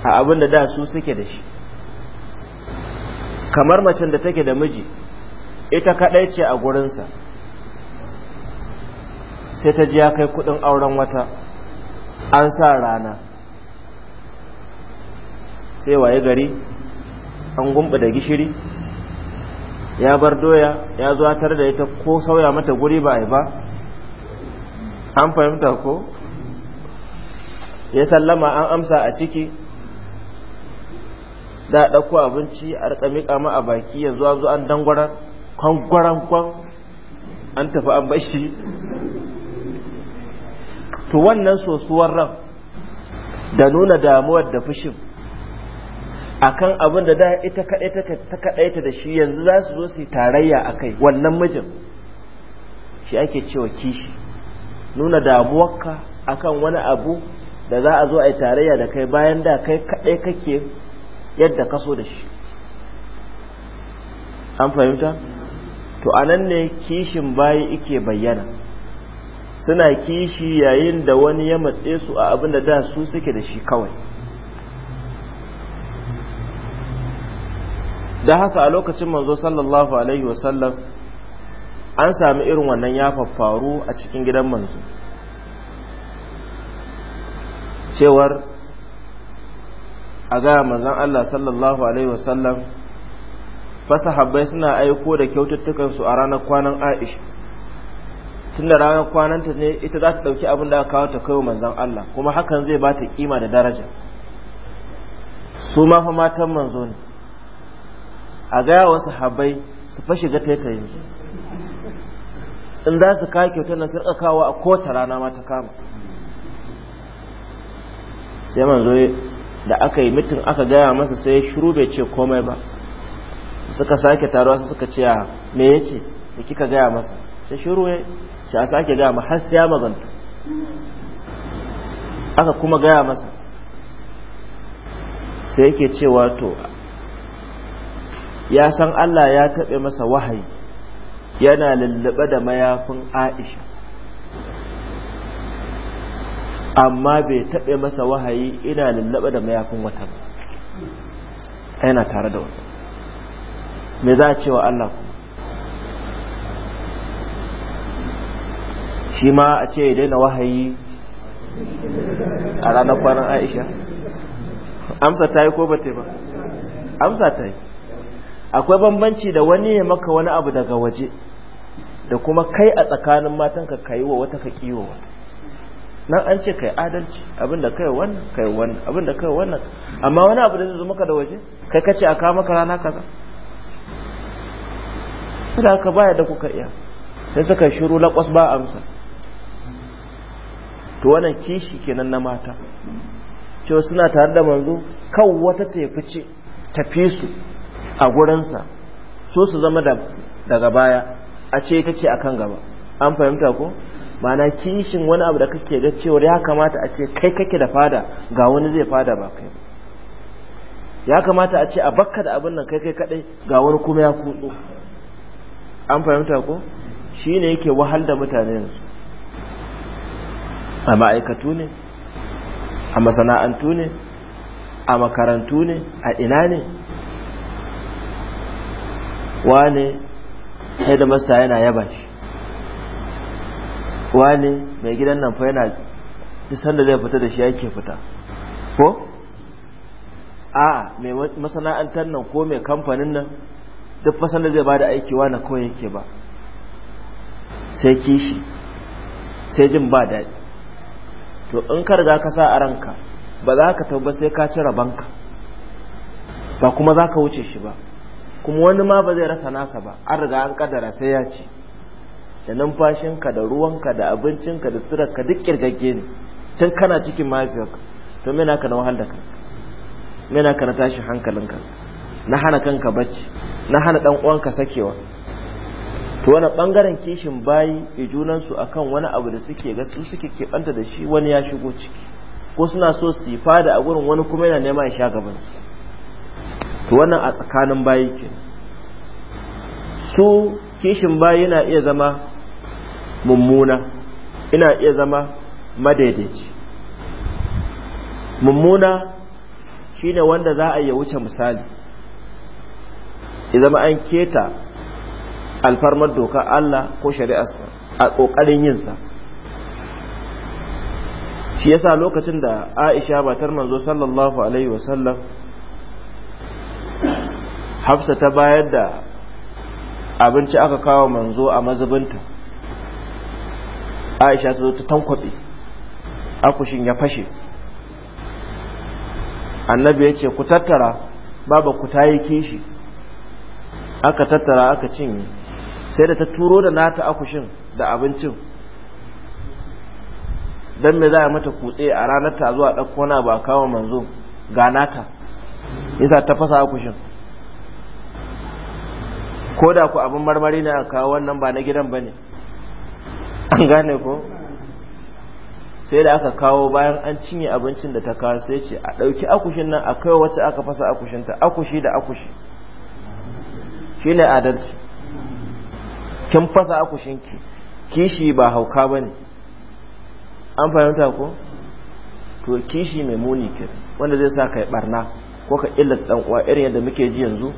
a abin da da su suke da shi kamar macen da take da miji ita kaɗai ce a gurinsa sai ta ji ya kai kuɗin auren wata an sa rana sai waye gari an gumba da gishiri ya bar doya ya zuwatar da ita ko sauya mata guri ba a ba an fahimta ko ya sallama an amsa a ciki da ɗauko abinci a rika miƙa ma a baki yanzu an zuwa an dangwaran kwangwaran kwan an tafi an bashi to wannan sosuwar ran da nuna damuwar da fushin akan abin da da ita kaɗai ta da shi yanzu za su zo su tarayya a kai wannan mijin shi ake cewa kishi nuna damuwarka akan wani abu da za a zo a yi tarayya da kai bayan da kai kaɗai kake yadda ka da shi an fahimta to anan ne kishin bayi ike bayyana suna kishi yayin da wani ya matse su a abin da da su suke da shi kawai da haka a lokacin manzo sallallahu alaihi wasallam an sami irin wannan ya faffaru a cikin gidan manzo cewar a gaya manzon Allah sallallahu alaihi wasallam fasahabbai suna aiko da kyaututtukansu a ranar kwanan Aisha tunda ranar kwananta ne ita za ta ɗauki abin da aka kawo ta kai wa manzon Allah kuma hakan zai ba ta kima da daraja su ma fa matan manzo ne a gaya wa sahabbai su fa shiga taitayin in za su kawo kyautar nan sun kawo a kowace rana ma ta kama sai manzo da aka yi mitin aka gaya masa sai ya shiru bai ce komai ba suka sake taruwa suka ce me yace da kika gaya masa sai shiru shi a sake gaya ma har ya maganta aka kuma gaya masa sai yake cewa to ya san Allah ya taɓe masa wahayi yana lullube da mayafin Aisha amma bai taɓe masa wahayi ina lullube da mayafin wata ba yana tare da wata me za a cewa Allah kuma shi ma a ce ya daina wahayi a ranar kwanan aisha amsa ta yi ko ba ta ba amsa ta yi akwai bambanci da wani ya maka wani abu daga waje da kuma kai a tsakanin matan ka kayi wa wata ka kiwo wata nan an ce kai adalci abinda kai wannan kai wannan abinda kai wannan amma wani abu da zai zo maka da waje kai kace a kawo maka rana kaza sai ka baya da kuka iya sai suka shiru laƙwas ba amsa to wannan kishi kenan na mata cewa suna tare da manzo kan wata ta fice tafi su a gurinsa so su zama daga baya a ce ita ce akan gaba an fahimta ko mana kishin wani abu da kake ga cewar ya kamata a ce kai kake da fada ga wani zai fada ba kai ya kamata a ce a bakka da abin nan kai kai kadai ga wani kuma ya kutso an fahimta ko ne yake wahal da mutane yanzu a ma'aikatu ne a masana'antu ne a makarantu ne a ina ne wane masta yana yaba shi wane mai gidan nan fa yana isan da zai fita da shi yake fita ko a mai masana'antar nan ko mai kamfanin nan duk fasan da zai ba da aiki wane kawai yake ba sai kishi sai jin ba daɗi to in ka riga ka sa a ranka ba za ka tauba sai ka ci rabanka ba kuma za ka wuce shi ba kuma wani ma ba zai rasa nasa ba an riga an kadara sai ya ce da numfashinka da ruwanka da abincinka da sirarka duk kirgagge ne tun kana cikin mahaifiyarka to mena ka na wahal da kanka mena ka na tashi hankalinka na hana kanka bacci na hana dan uwanka sakewa to wani bangaren kishin bayi e junansu akan wani abu da suke ga su suke keɓanta da shi wani ya shigo ciki ko suna so su yi fada a gurin wani kuma yana nema ya sha gaban su to wannan a tsakanin bayi ke su kishin bayi yana iya zama mummuna ina iya zama madaidaici mummuna shine wanda za a yi wuce misali ya zama an keta alfarmar doka Allah ko shari'arsa a ƙoƙarin yinsa shi yasa lokacin da aisha batar manzo sallallahu alaihi wasallam hafsa ta bayar da abinci aka kawo manzo a mazubinta aisha ta zo ta tankwabe akushin ya fashe annabi ya ce ku tattara baba ku tayi kishi aka tattara aka cinye sai da ta turo da nata akushin da abincin don me za a mata kutse a ranar ta zuwa ɗauko na ba kawo manzo ga nata yasa ta fasa akushin ko da ku abin marmari ne a kawo wannan ba na gidan ba ne an gane ko sai da aka kawo bayan an cinye abincin da ta kawo sai ce a ɗauki akushin nan a kai wacce aka fasa akushinta akushi da akushi shi ne adalci kin fasa akushinki kishi ba hauka ba ne an fahimta ko to kishi mai muni ke wanda zai sa kai barna ko ka illata dan uwa irin yadda muke ji yanzu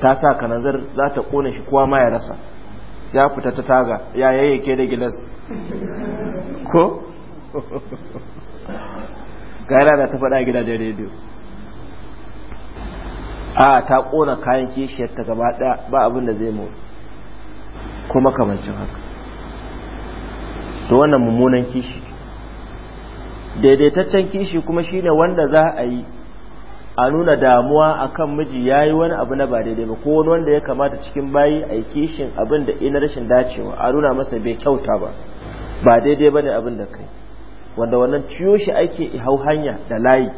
ta sa ka nazar za ta kone shi kowa ma ya rasa ya fita ta taga ya yayyake da gilas ko yana da ta faɗa gidajen rediyo a ta kona kayan kishiyarta gaba daya ba abin da zai mu ko makamancin haka to wannan mummunan kishi daidaitaccen kishi kuma shine wanda za a yi a nuna damuwa akan miji ya yi wani abu na ba daidai ba ko wani wanda ya kamata cikin bayi a yi kishin abin da ina rashin dacewa a nuna masa bai kyauta ba ba daidai ba ne abin da kai wanda wannan ciyo shi ake hau hanya da layi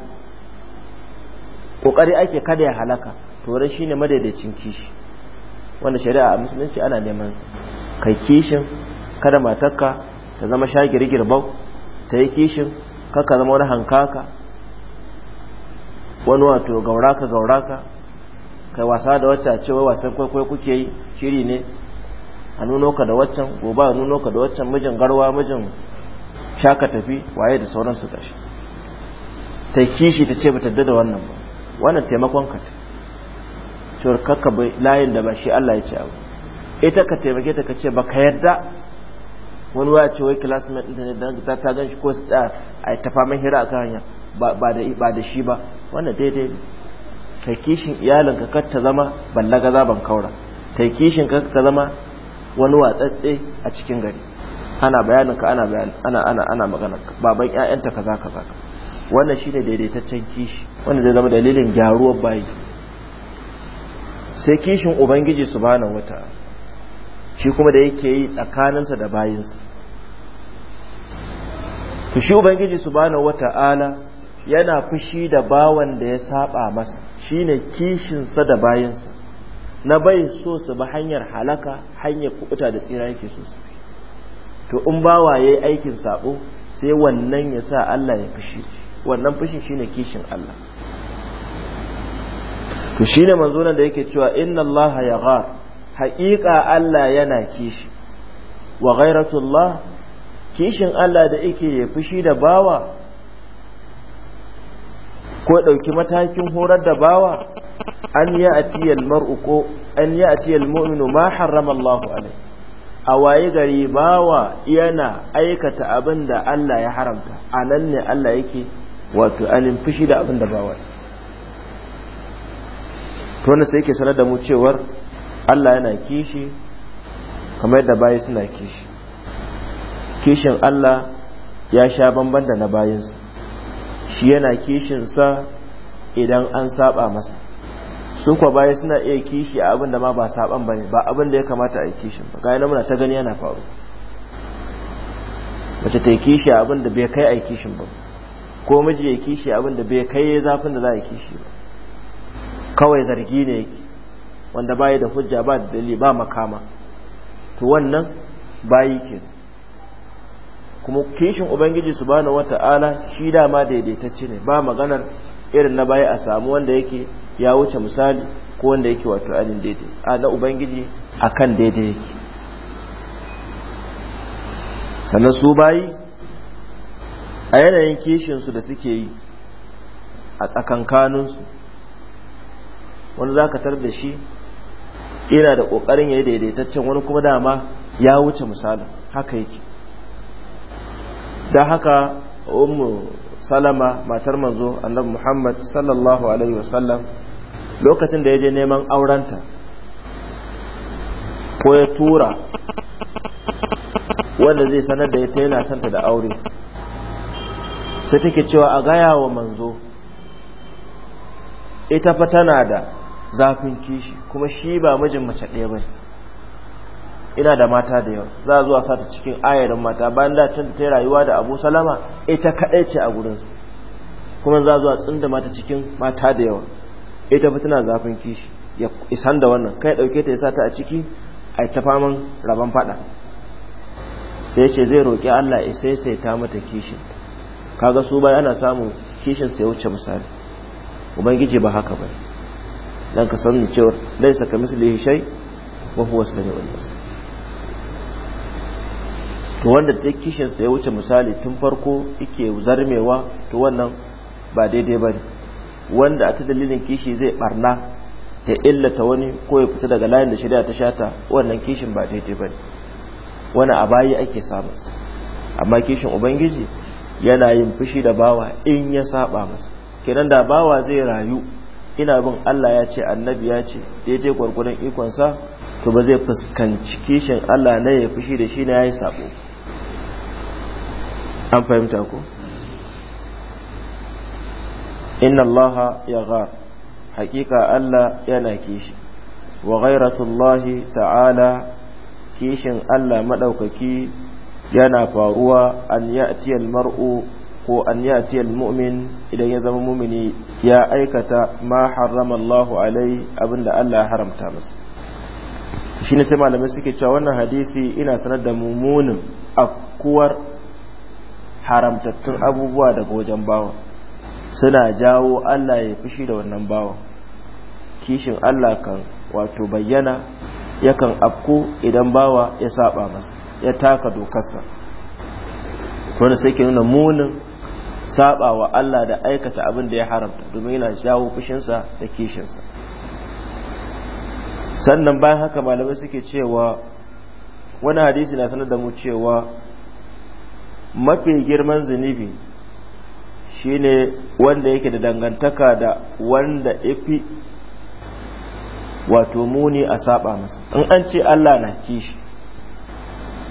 kokari ake kada ya halaka to rai shine madaidaicin kishi wanda shari'a a musulunci ana neman sa kai kishin kada matarka ta zama shagirgir bau ta yi kishin kaka zama wani hankaka wani wato gauraka gauraka kai wasa da wacce a cewa wasan kwaikwai kuke yi shiri ne a nuno ka da waccan gobe a nuno ka da waccan mijin garwa mijin shaka tafi waye da sauransu kashi ta kishi ta ce ba da wannan ba wannan taimakon ka cewar kakka layin da ba shi Allah ya ce abu ita ka taimake ta ka ce ba ka yarda wani waya ce wai classmate din ne ta ta gan shi ko su a ta faman hira a kan hanya ba da shi ba wannan daidai ne kai kishin iyalin ka kar ta zama ballaga ban kaura kai kishin ka ka zama wani watsatse a cikin gari ana bayanin ka ana bayanin ana ana ana magana baban ƴaƴanta kaza kaza wannan shine daidaitaccen kishi wanda zai zama dalilin gyaruwar bayi sai kishin ubangiji subhanahu wata shi kuma da yake yi tsakaninsa da bayinsa to shi ubangiji subhanahu ala yana fushi da bawan da ya saba masa shine kishinsa da bayinsa na bai so su ba hanyar halaka hanyar kuɓuta da tsira yake so su to in bawa yayi aikin sabo sai wannan ya sa Allah ya fushi shi wannan fushin shine kishin Allah to shine manzo nan da yake cewa inna Allah yaghar haƙiƙa Allah yana kishi wa Allah kishin Allah da yake ya fushi da bawa ko ɗauki matakin horar da bawa an yi atiyal mar'u ko an yi atiyal mu'minu ma harrama Allah alai a waye gari bawa yana aikata abin da Allah ya haramta a nan ne Allah yake wato ainihin fushi da abin da ba wani to sai yake sanar da mu cewar Allah yana kishi kamar yadda bayi suna kishi kishin Allah ya sha bamban da na bayinsa shi yana kishinsa idan an saba masa su kwa bayi suna iya kishi a abin da ma ba saban ba ne ba abin da ya kamata a yi kishin ba gani muna ta gani yana faru mace ta yi kishi a abin da bai kai a yi kishin ba ko miji ya kishi abinda da bai kai ya zafin da za a kishi ba kawai zargi ne yake wanda bayi da hujja ba da dalili ba makama to wannan bayi ke kuma kishin ubangiji su subhanahu wata'ala shi dama daidaitacce ne ba maganar irin na bayi a samu wanda yake ya wuce misali ko wanda yake wato alin daidai a na ubangiji akan daidai yake sannan su bayi a yanayin kishinsu da suke yi a tsakankaninsu wani za ka tar da shi ina da ƙoƙarin ya yi daidaitaccen wani kuma dama ya wuce misali haka yake da haka umu salama matar manzo annabi muhammad sallallahu alaihi wasallam lokacin da ya je neman aurenta ko ya tura wanda zai sanar da ya ta yana santa da aure sai take cewa a gaya wa manzo ita fa tana da zafin kishi kuma shi ba mijin mace ɗaya ba ina da mata da yawa za a zuwa sata cikin ayarin mata bayan da can ta rayuwa da abu salama ita kaɗai ce a gurinsu kuma za a zuwa tsinda mata cikin mata da yawa ita fa tana zafin kishi ya isan da wannan kai ɗauke ta ya sata a ciki a ta faman rabon faɗa sai ce zai roƙi allah ya ta mata kishin kaga su bai ana samun kishin sai wuce misali ubangiji ba haka ba dan ka san cewa laisa ka mislihi shay wa huwa as-sami'ul basir to wanda ta kishin sai wuce misali tun farko yake zarmewa to wannan ba daidai bane wanda a ta dalilin kishi zai barna ta illata wani ko ya fita daga layin da shari'a ta shata wannan kishin ba daidai bane wani a ake samu amma kishin ubangiji yana yin fushi da bawa in ya saba masa kenan da bawa zai rayu ina bin Allah ya ce annabi ya ce daidai gwargwadon ikonsa to ba zai fuskanci kishin Allah na ya fushi da shi na ya yi sabo an fahimta ko inna Allah ya ga hakika Allah yana kishi wa ghairatullahi ta'ala kishin Allah maɗaukaki. yana faruwa an ya'ti mar'u ko an ya'ti mumin idan ya zama mumini ya aikata ma harrama Allah alai abinda Allah ya haramta masa shi sai malamai suke cewa wannan hadisi ina sanar da mummunin afkuwar haramtattun abubuwa daga wajen bawa suna jawo Allah ya fushi da wannan bawa kishin Allah kan wato bayyana yakan afku idan bawa ya saba masa ya taka dokarsa wanda sai ke nuna munin saba wa Allah da aikata abin da ya haramta domin yana jawo fushinsa da kishinsa sannan bayan haka malamai suke cewa wani hadisi na sanar da mu cewa mafi girman zunubi shine wanda yake da dangantaka da wanda ifi wato muni a saba masa in an ce Allah na kishi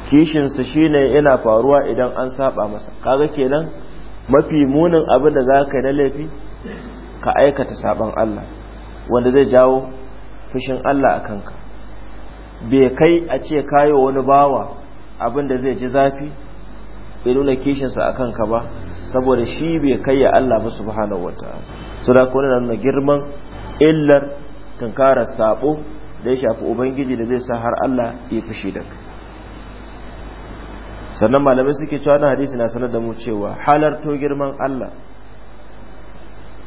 kishinsa shine yana faruwa idan an saba masa kaga kenan mafi munin abin da za ka yi na laifi ka aikata saban Allah wanda zai jawo fushin Allah a kanka bai kai a ce kayo wani bawa abin da zai ji zafi bai nuna kishinsa a kanka ba saboda shi bai kai ya Allah ba subhanahu wata'ala so da na nuna girman illar tunkarar sabo da ya shafi ubangiji da zai sa har Allah ya fushi da kai sannan malamai suke cewa na hadisi na sanar da mu cewa halarto girman Allah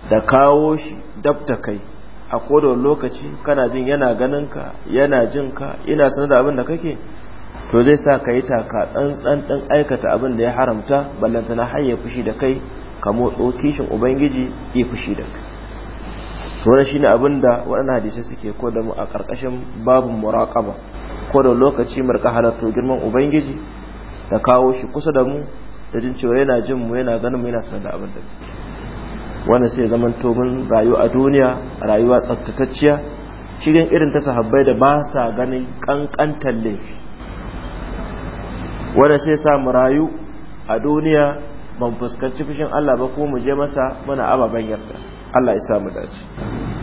da kawo shi dabta kai a kodon lokaci kana jin yana ganin ka yana jin ka ina sanar da abin da kake to zai sa ka yi taka tsantsan ɗin aikata abin da ya haramta ballanta na hayya fushi da kai ka motso kishin ubangiji yi fushi da kai to wannan shine abin da waɗannan hadisai suke ko da mu a ƙarƙashin babin muraqaba ko da lokaci mu rika girman ubangiji da kawo shi kusa da mu da jin cewa yana jin mu yana ganin mu yana sanar da abin da wannan sai zaman to mun rayu a duniya rayuwa tsaftatacciya shirin irin ta sahabbai da ba sa ganin kankantar laifi wannan sai sa mu rayu a duniya ban fuskanci fushin Allah ba kuma mu je masa mana ababen yarda Allah ya sa mu dace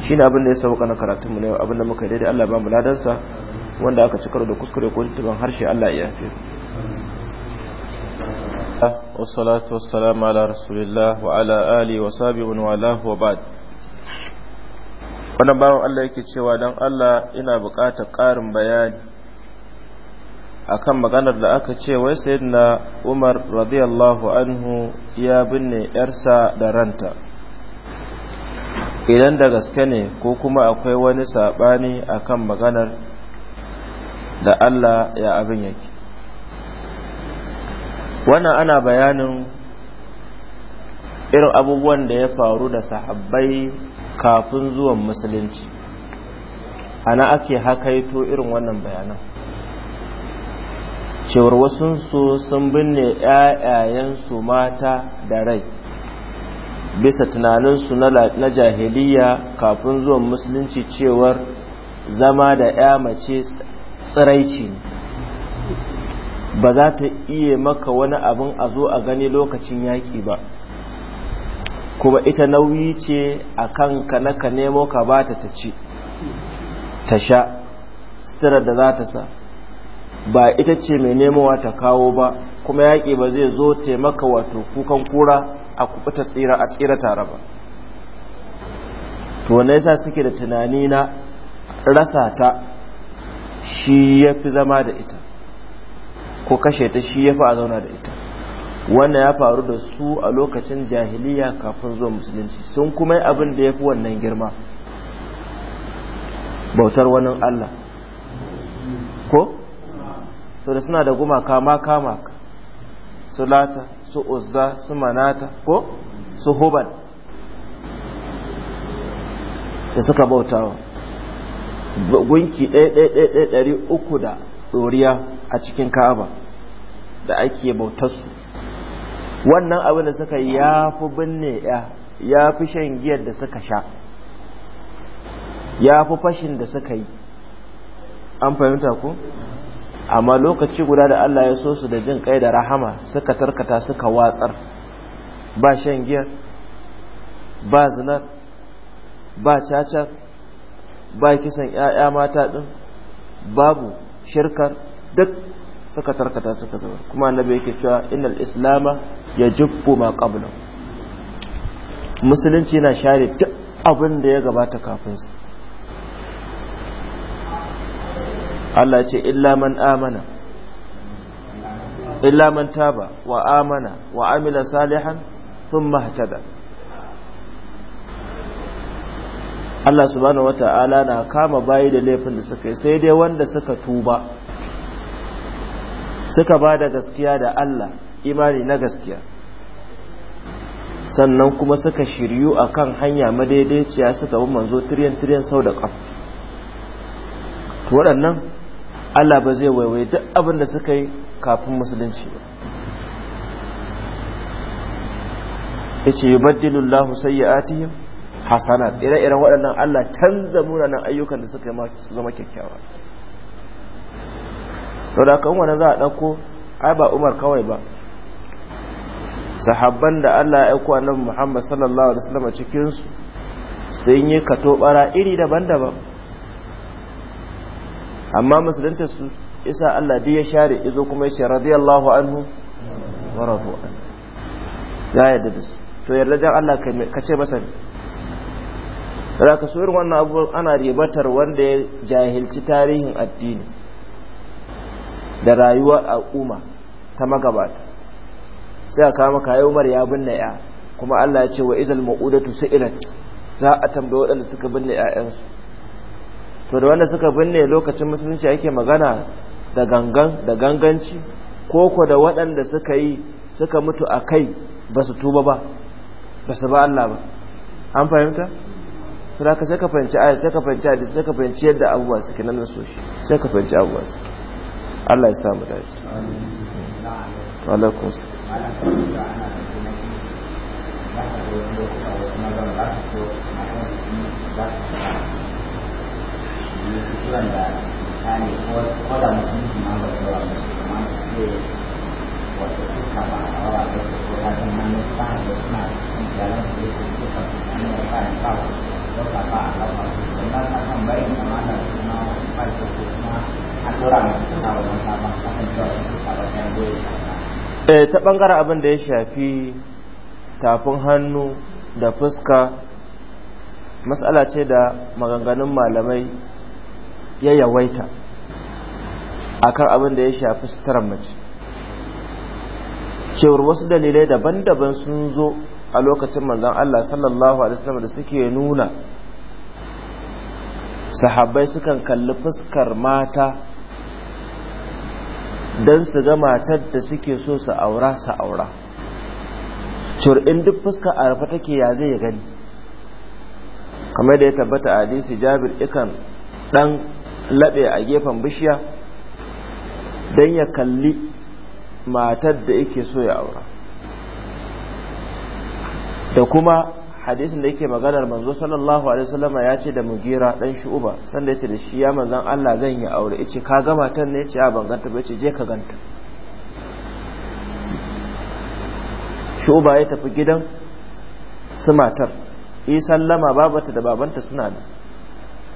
shine abin da ya sauka na karatun mu ne abin da muka yi daidai Allah ba mu ladansa wanda aka ci karo da kuskure ko tuban harshe Allah ya yafe والصلاة والسلام على رسول الله وعلى آله وصحبه والاه وبعد wannan bawan Allah yake cewa don Allah ina buƙatar ƙarin bayani akan maganar da aka ce wai sayyidina Umar radiyallahu anhu ya binne yarsa da ranta idan da gaske ne ko kuma akwai wani saɓani akan maganar da Allah ya abin yake wannan ana bayanin irin abubuwan da ya faru da sahabbai kafin zuwan musulunci ana ake hakaito irin wannan bayanan cewar su sun binne 'ya'yayensu mata da rai bisa tunaninsu na jahiliya kafin zuwan musulunci cewar zama da 'ya mace tsiraici ne ba za ta iya maka wani abin a zo a gani lokacin yaƙi ba kuma ita nauyi ce a kan na ka nemo ka ba ta ta ci ta sha sitirar da za ta sa ba ita ce mai nemowa ta kawo ba kuma yaƙi ba zai zo taimaka wato kukan kura a kubuta tsira a tsira tare ba to na yasa suke da tunani na rasa ta shi ya fi zama da ita ko kashe ta shi ya fi a zauna da ita wannan ya faru da su a lokacin jahiliya kafin zuwa musulunci sun kuma abin da ya fi wannan girma bautar wani Allah ko? so da suna da gumaka kama kama su lata su uzza su manata ko? su hubal da suka bautawa gunki ɗaya ɗaya ɗaya ɗari uku da ɗoriya a cikin ka'aba da ake bautarsu wannan abin da suka ya fi binne ya fi shan giyar da suka sha ya fi fashin da suka yi an fahimta ku amma lokaci guda da Allah ya so su da jin kai da rahama suka tarkata suka watsar ba shan giyar ba zinar ba cacar ba kisan 'ya'ya mata ɗin babu shirkar duk suka tarkata suka zama kuma annabi yake cewa innal islama yajubbu ma qabla musulunci yana share duk abin da ya gabata kafin su Allah ce illa man amana illa man taba wa amana wa amila salihan thumma ihtada Allah subhanahu wata'ala na kama bayi da laifin da suka yi sai dai wanda suka tuba suka ba da gaskiya da Allah imani na gaskiya sannan kuma suka shiryu a kan hanya madaidaiciya suka bi manzo tiryan-tiryan sau da ƙaf waɗannan Allah ba zai waiwai duk abin da suka yi kafin musulunci ba ya ce yi baddilun lahu sayyatihim hasanat ire-iren waɗannan Allah canza munanan ayyukan da suka yi zama kyakkyawa sau da kan wani za a ɗauko ai ba umar kawai ba sahabban da allah ya aiko annabi muhammad sallallahu alaihi wasallam cikinsu sun yi katobara iri daban-daban amma musulunta su isa allah ya share izo kuma ya ce radiyallahu anhu wa radu anhu ya yarda da su to yarda dan allah ka ce masa ne da ka so irin wannan abubuwan ana ribatar wanda ya jahilci tarihin addini da rayuwar al'umma ta magabata sai aka maka yau mar ya binne ya kuma Allah ya ce wa izal ma'udatu sa'ilat za a tambaye waɗanda suka binne ƴaƴansu to da wanda suka binne lokacin musulunci ake magana da gangan da ganganci ko ko da waɗanda suka yi suka mutu a kai ba su tuba ba ba su ba Allah ba an fahimta sai ka sai ka fahimci ayat sai ka fahimci hadisi sai ka fahimci yadda abubuwa suke nan da so shi sai ka fahimci abubuwa suke Allah ya samu dace alaikum Thank you. Eh, ta bangaren abin da ya shafi tafin hannu da fuska matsala ce da maganganun malamai ya yawaita akan abin da ya shafi sutaren mace cewar wasu dalilai daban-daban sun zo a lokacin manzan Allah sallallahu alaihi wasallam da suke nuna sahabbai sukan kalli fuskar mata don su ga matar da suke so su aura su aura in duk fuska a rufe take ya zai gani kamar da ya tabbata a hadisi jabir ikan dan laɓe a gefen bishiya don ya kalli matar da yake so ya aura da kuma hadisin da yake maganar manzo sallallahu alaihi wasallam ya ce da mugira dan shu'uba sanda yace da shi ya manzon Allah zan yi aure yace ka ga matan ne yace a ban ganta ba yace je ka ganta shu'uba ya tafi gidan su matar yi sallama babata da babanta suna da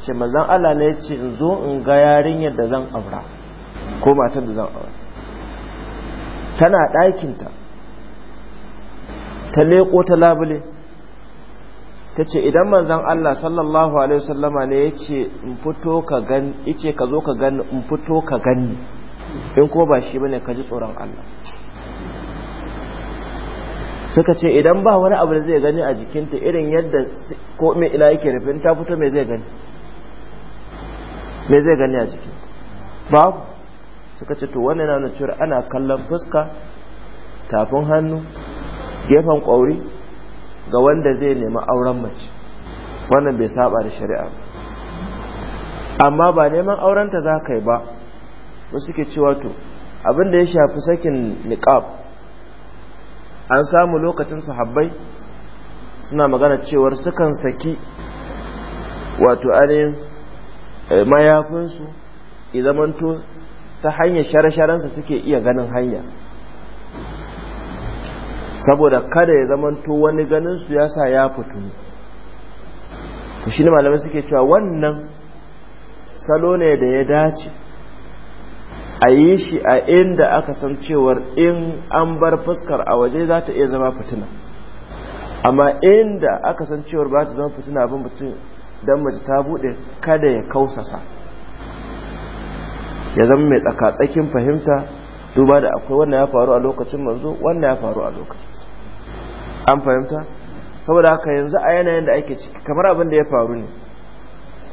ce manzon Allah ne yace in zo in ga yarinyar da zan aura ko matar da zan aura tana ɗakinta ta leƙo ta labule ta ce idan manzan Allah sallallahu Alaihi wasallama ne ya ce in fito ka gani ice ka zo ka gani in fito ka gani in ko ba shi bane ka ji tsoron Allah suka ce idan ba wani abu da zai gani a jikinta irin yadda ko mai ila yake rufin ta fito mai zai gani mai zai gani a jikinta babu suka ce to wannan na cewa ana kallon fuska tafin hannu gefen kwauri ga wanda zai nemi auren mace wannan bai saba da shari'a amma ba neman aurenta za ka yi ba wasu suke cewa to abin da ya shafi sakin niqab an samu lokacin sahabbai suna magana cewar sukan saki wato ainihin eh, mayafinsu izamanto ta hanyar share-sharensa suke iya ganin hanya saboda kada ya zamanto wani ganin su ya sa ya fito to shi ne malamai suke cewa wannan salo ne da ya dace a yi shi a inda aka san cewar in an bar fuskar a waje za ta iya zama fitina amma inda aka san cewar ba ta zama fitina abin mutum don mace ta buɗe kada ya kausasa ya zama mai tsakatsakin fahimta duba da akwai wannan ya faru a lokacin manzo wannan ya faru a lokacin an fahimta saboda haka yanzu a yanayin da ake ciki kamar abin da ya faru ne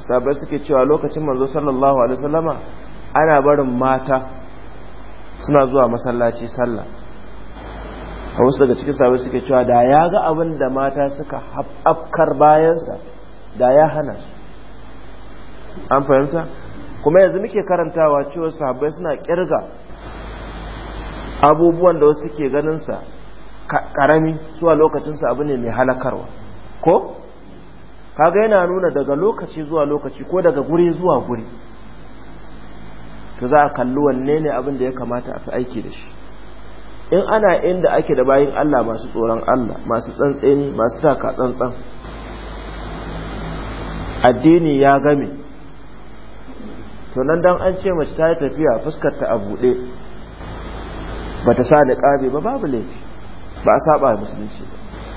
sabai suke cewa lokacin manzo sallallahu alaihi wasallama ana barin mata suna zuwa masallaci sallah a wasu daga cikin sabai suke cewa da ya ga abin da mata suka afkar bayansa da ya hana su an fahimta kuma yanzu muke karantawa cewa sahabbai suna kirga abubuwan da wasu ke sa. karami zuwa lokacinsa abu ne mai halakarwa ko kaga yana nuna daga lokaci zuwa lokaci ko daga guri zuwa guri to za a kalli wanne ne abin da ya kamata a fi aiki da shi in ana inda ake da bayin Allah masu tsoron Allah masu tsantseni masu taka tsantsan addini ya game to nan dan an ce mace ta yi tafiya fuskar ta a buɗe bata sa da ƙabe ba babu laifi ba a saba musulunci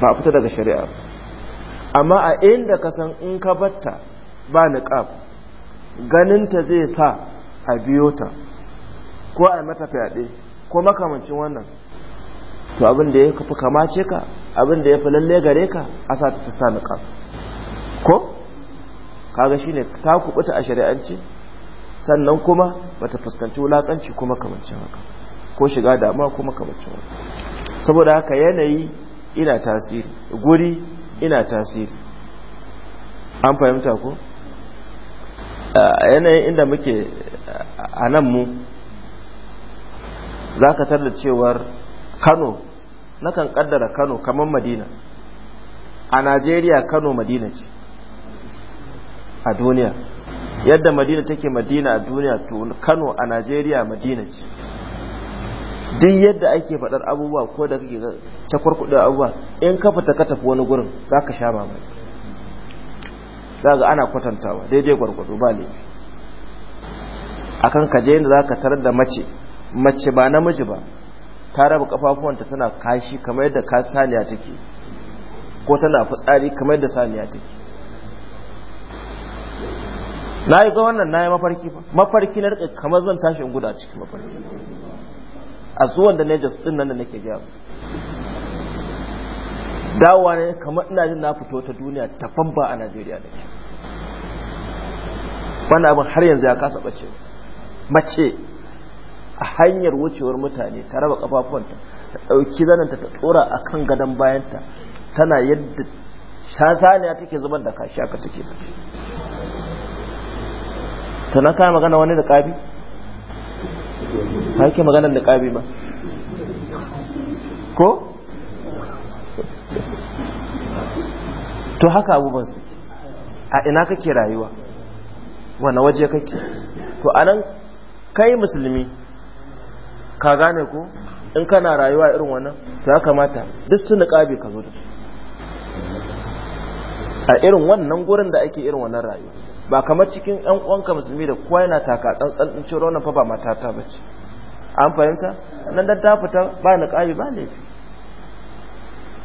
ba a fita daga shari'a amma a inda ka san in ka batta ba niqab ganinta zai sa a biyo ta ko a mata fyaɗe ko makamancin wannan to abin da ya fi kamace ka abin da ya fi lalle gare ka a sa ta sa niqab ko kaga shine ta kubuta a shari'ance sannan kuma bata fuskanci wulakanci kuma kamancin haka ko shiga damuwa kuma kamancin haka saboda haka yanayi ina tasiri guri ina tasiri an fahimta ko yanayin inda muke a nan mu za ka tarda cewar kano na kan kaddara kano kamar madina a najeriya kano madina ce a duniya yadda madina take madina a duniya to kano a najeriya madina ce duk yadda ake faɗar abubuwa ko da kake ta kwarkuɗe abubuwa in ka fita ka tafi wani gurin za ka sha mamaye za ga ana kwatantawa daidai gwargwado ba laifi akan kaje yadda za ka tarar da mace mace ba namiji ba ta raba kafafuwanta tana kashi kamar yadda ka saniya take ko tana fitsari kamar yadda saniya take na yi ga wannan na yi mafarki mafarki na rika kamar zan tashi in guda cikin mafarki a zuwan da Najas din nan da nake gaya ne kamar ina jin na fito ta duniya ta ba a Najeriya dake wannan abin har yanzu ya kasa bace mace a hanyar wucewar mutane ta raba kafafuwanta ta dauki zananta ta tsora akan gadon bayanta tana yadda shasaniya take zubar da kashi aka take ta na kai magana wani da kafi haike yake maganar niqabi ba ko to haka abubuwan su a ina kake rayuwa wane waje kake to anan kai musulmi ka gane ko in kana rayuwa irin wannan to ya kamata duk su niƙabi ka zo da su a irin wannan gurin da ake irin wannan rayuwa ba kamar cikin ɗan uwanka musulmi da kowa yana taka tsantsan in cewa wannan fa ba matata ba ce an fahimta nan da ta fita ba na ƙayi ba ne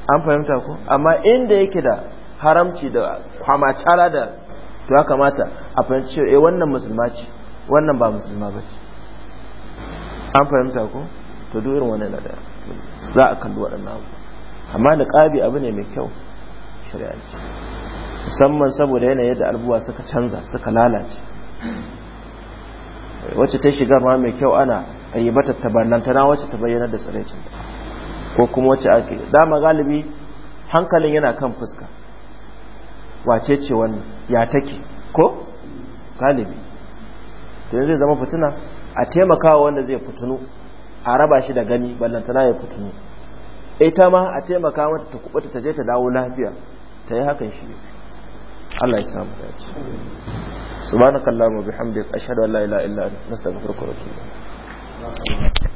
an fahimta ko amma inda yake da haramci da kwamacara da to ya kamata a fahimci cewa eh wannan musulma ce wannan ba musulma ba ce an fahimta ko to duk irin wannan da za a kalli waɗannan abu amma da ƙabi abu ne mai kyau shari'a ce musamman saboda yanayin da albuwa suka canza suka lalace wacce ta shiga ma mai kyau ana yi ta ballantana wacce ta bayyana da tsiraicinta ko kuma wacce ake dama galibi hankalin yana kan fuska wace ce wannan ya take ko galibi to zai zama fituna a taimakawa wanda zai fitunu a raba shi da gani ballantana ya fitunu ita ma a taimaka mata ta kubuta ta je ta dawo lafiya ta yi hakan shi Allah ya samu dace subhanakallahumma bihamdika ashhadu an la ilaha illa anta astaghfiruka wa atubu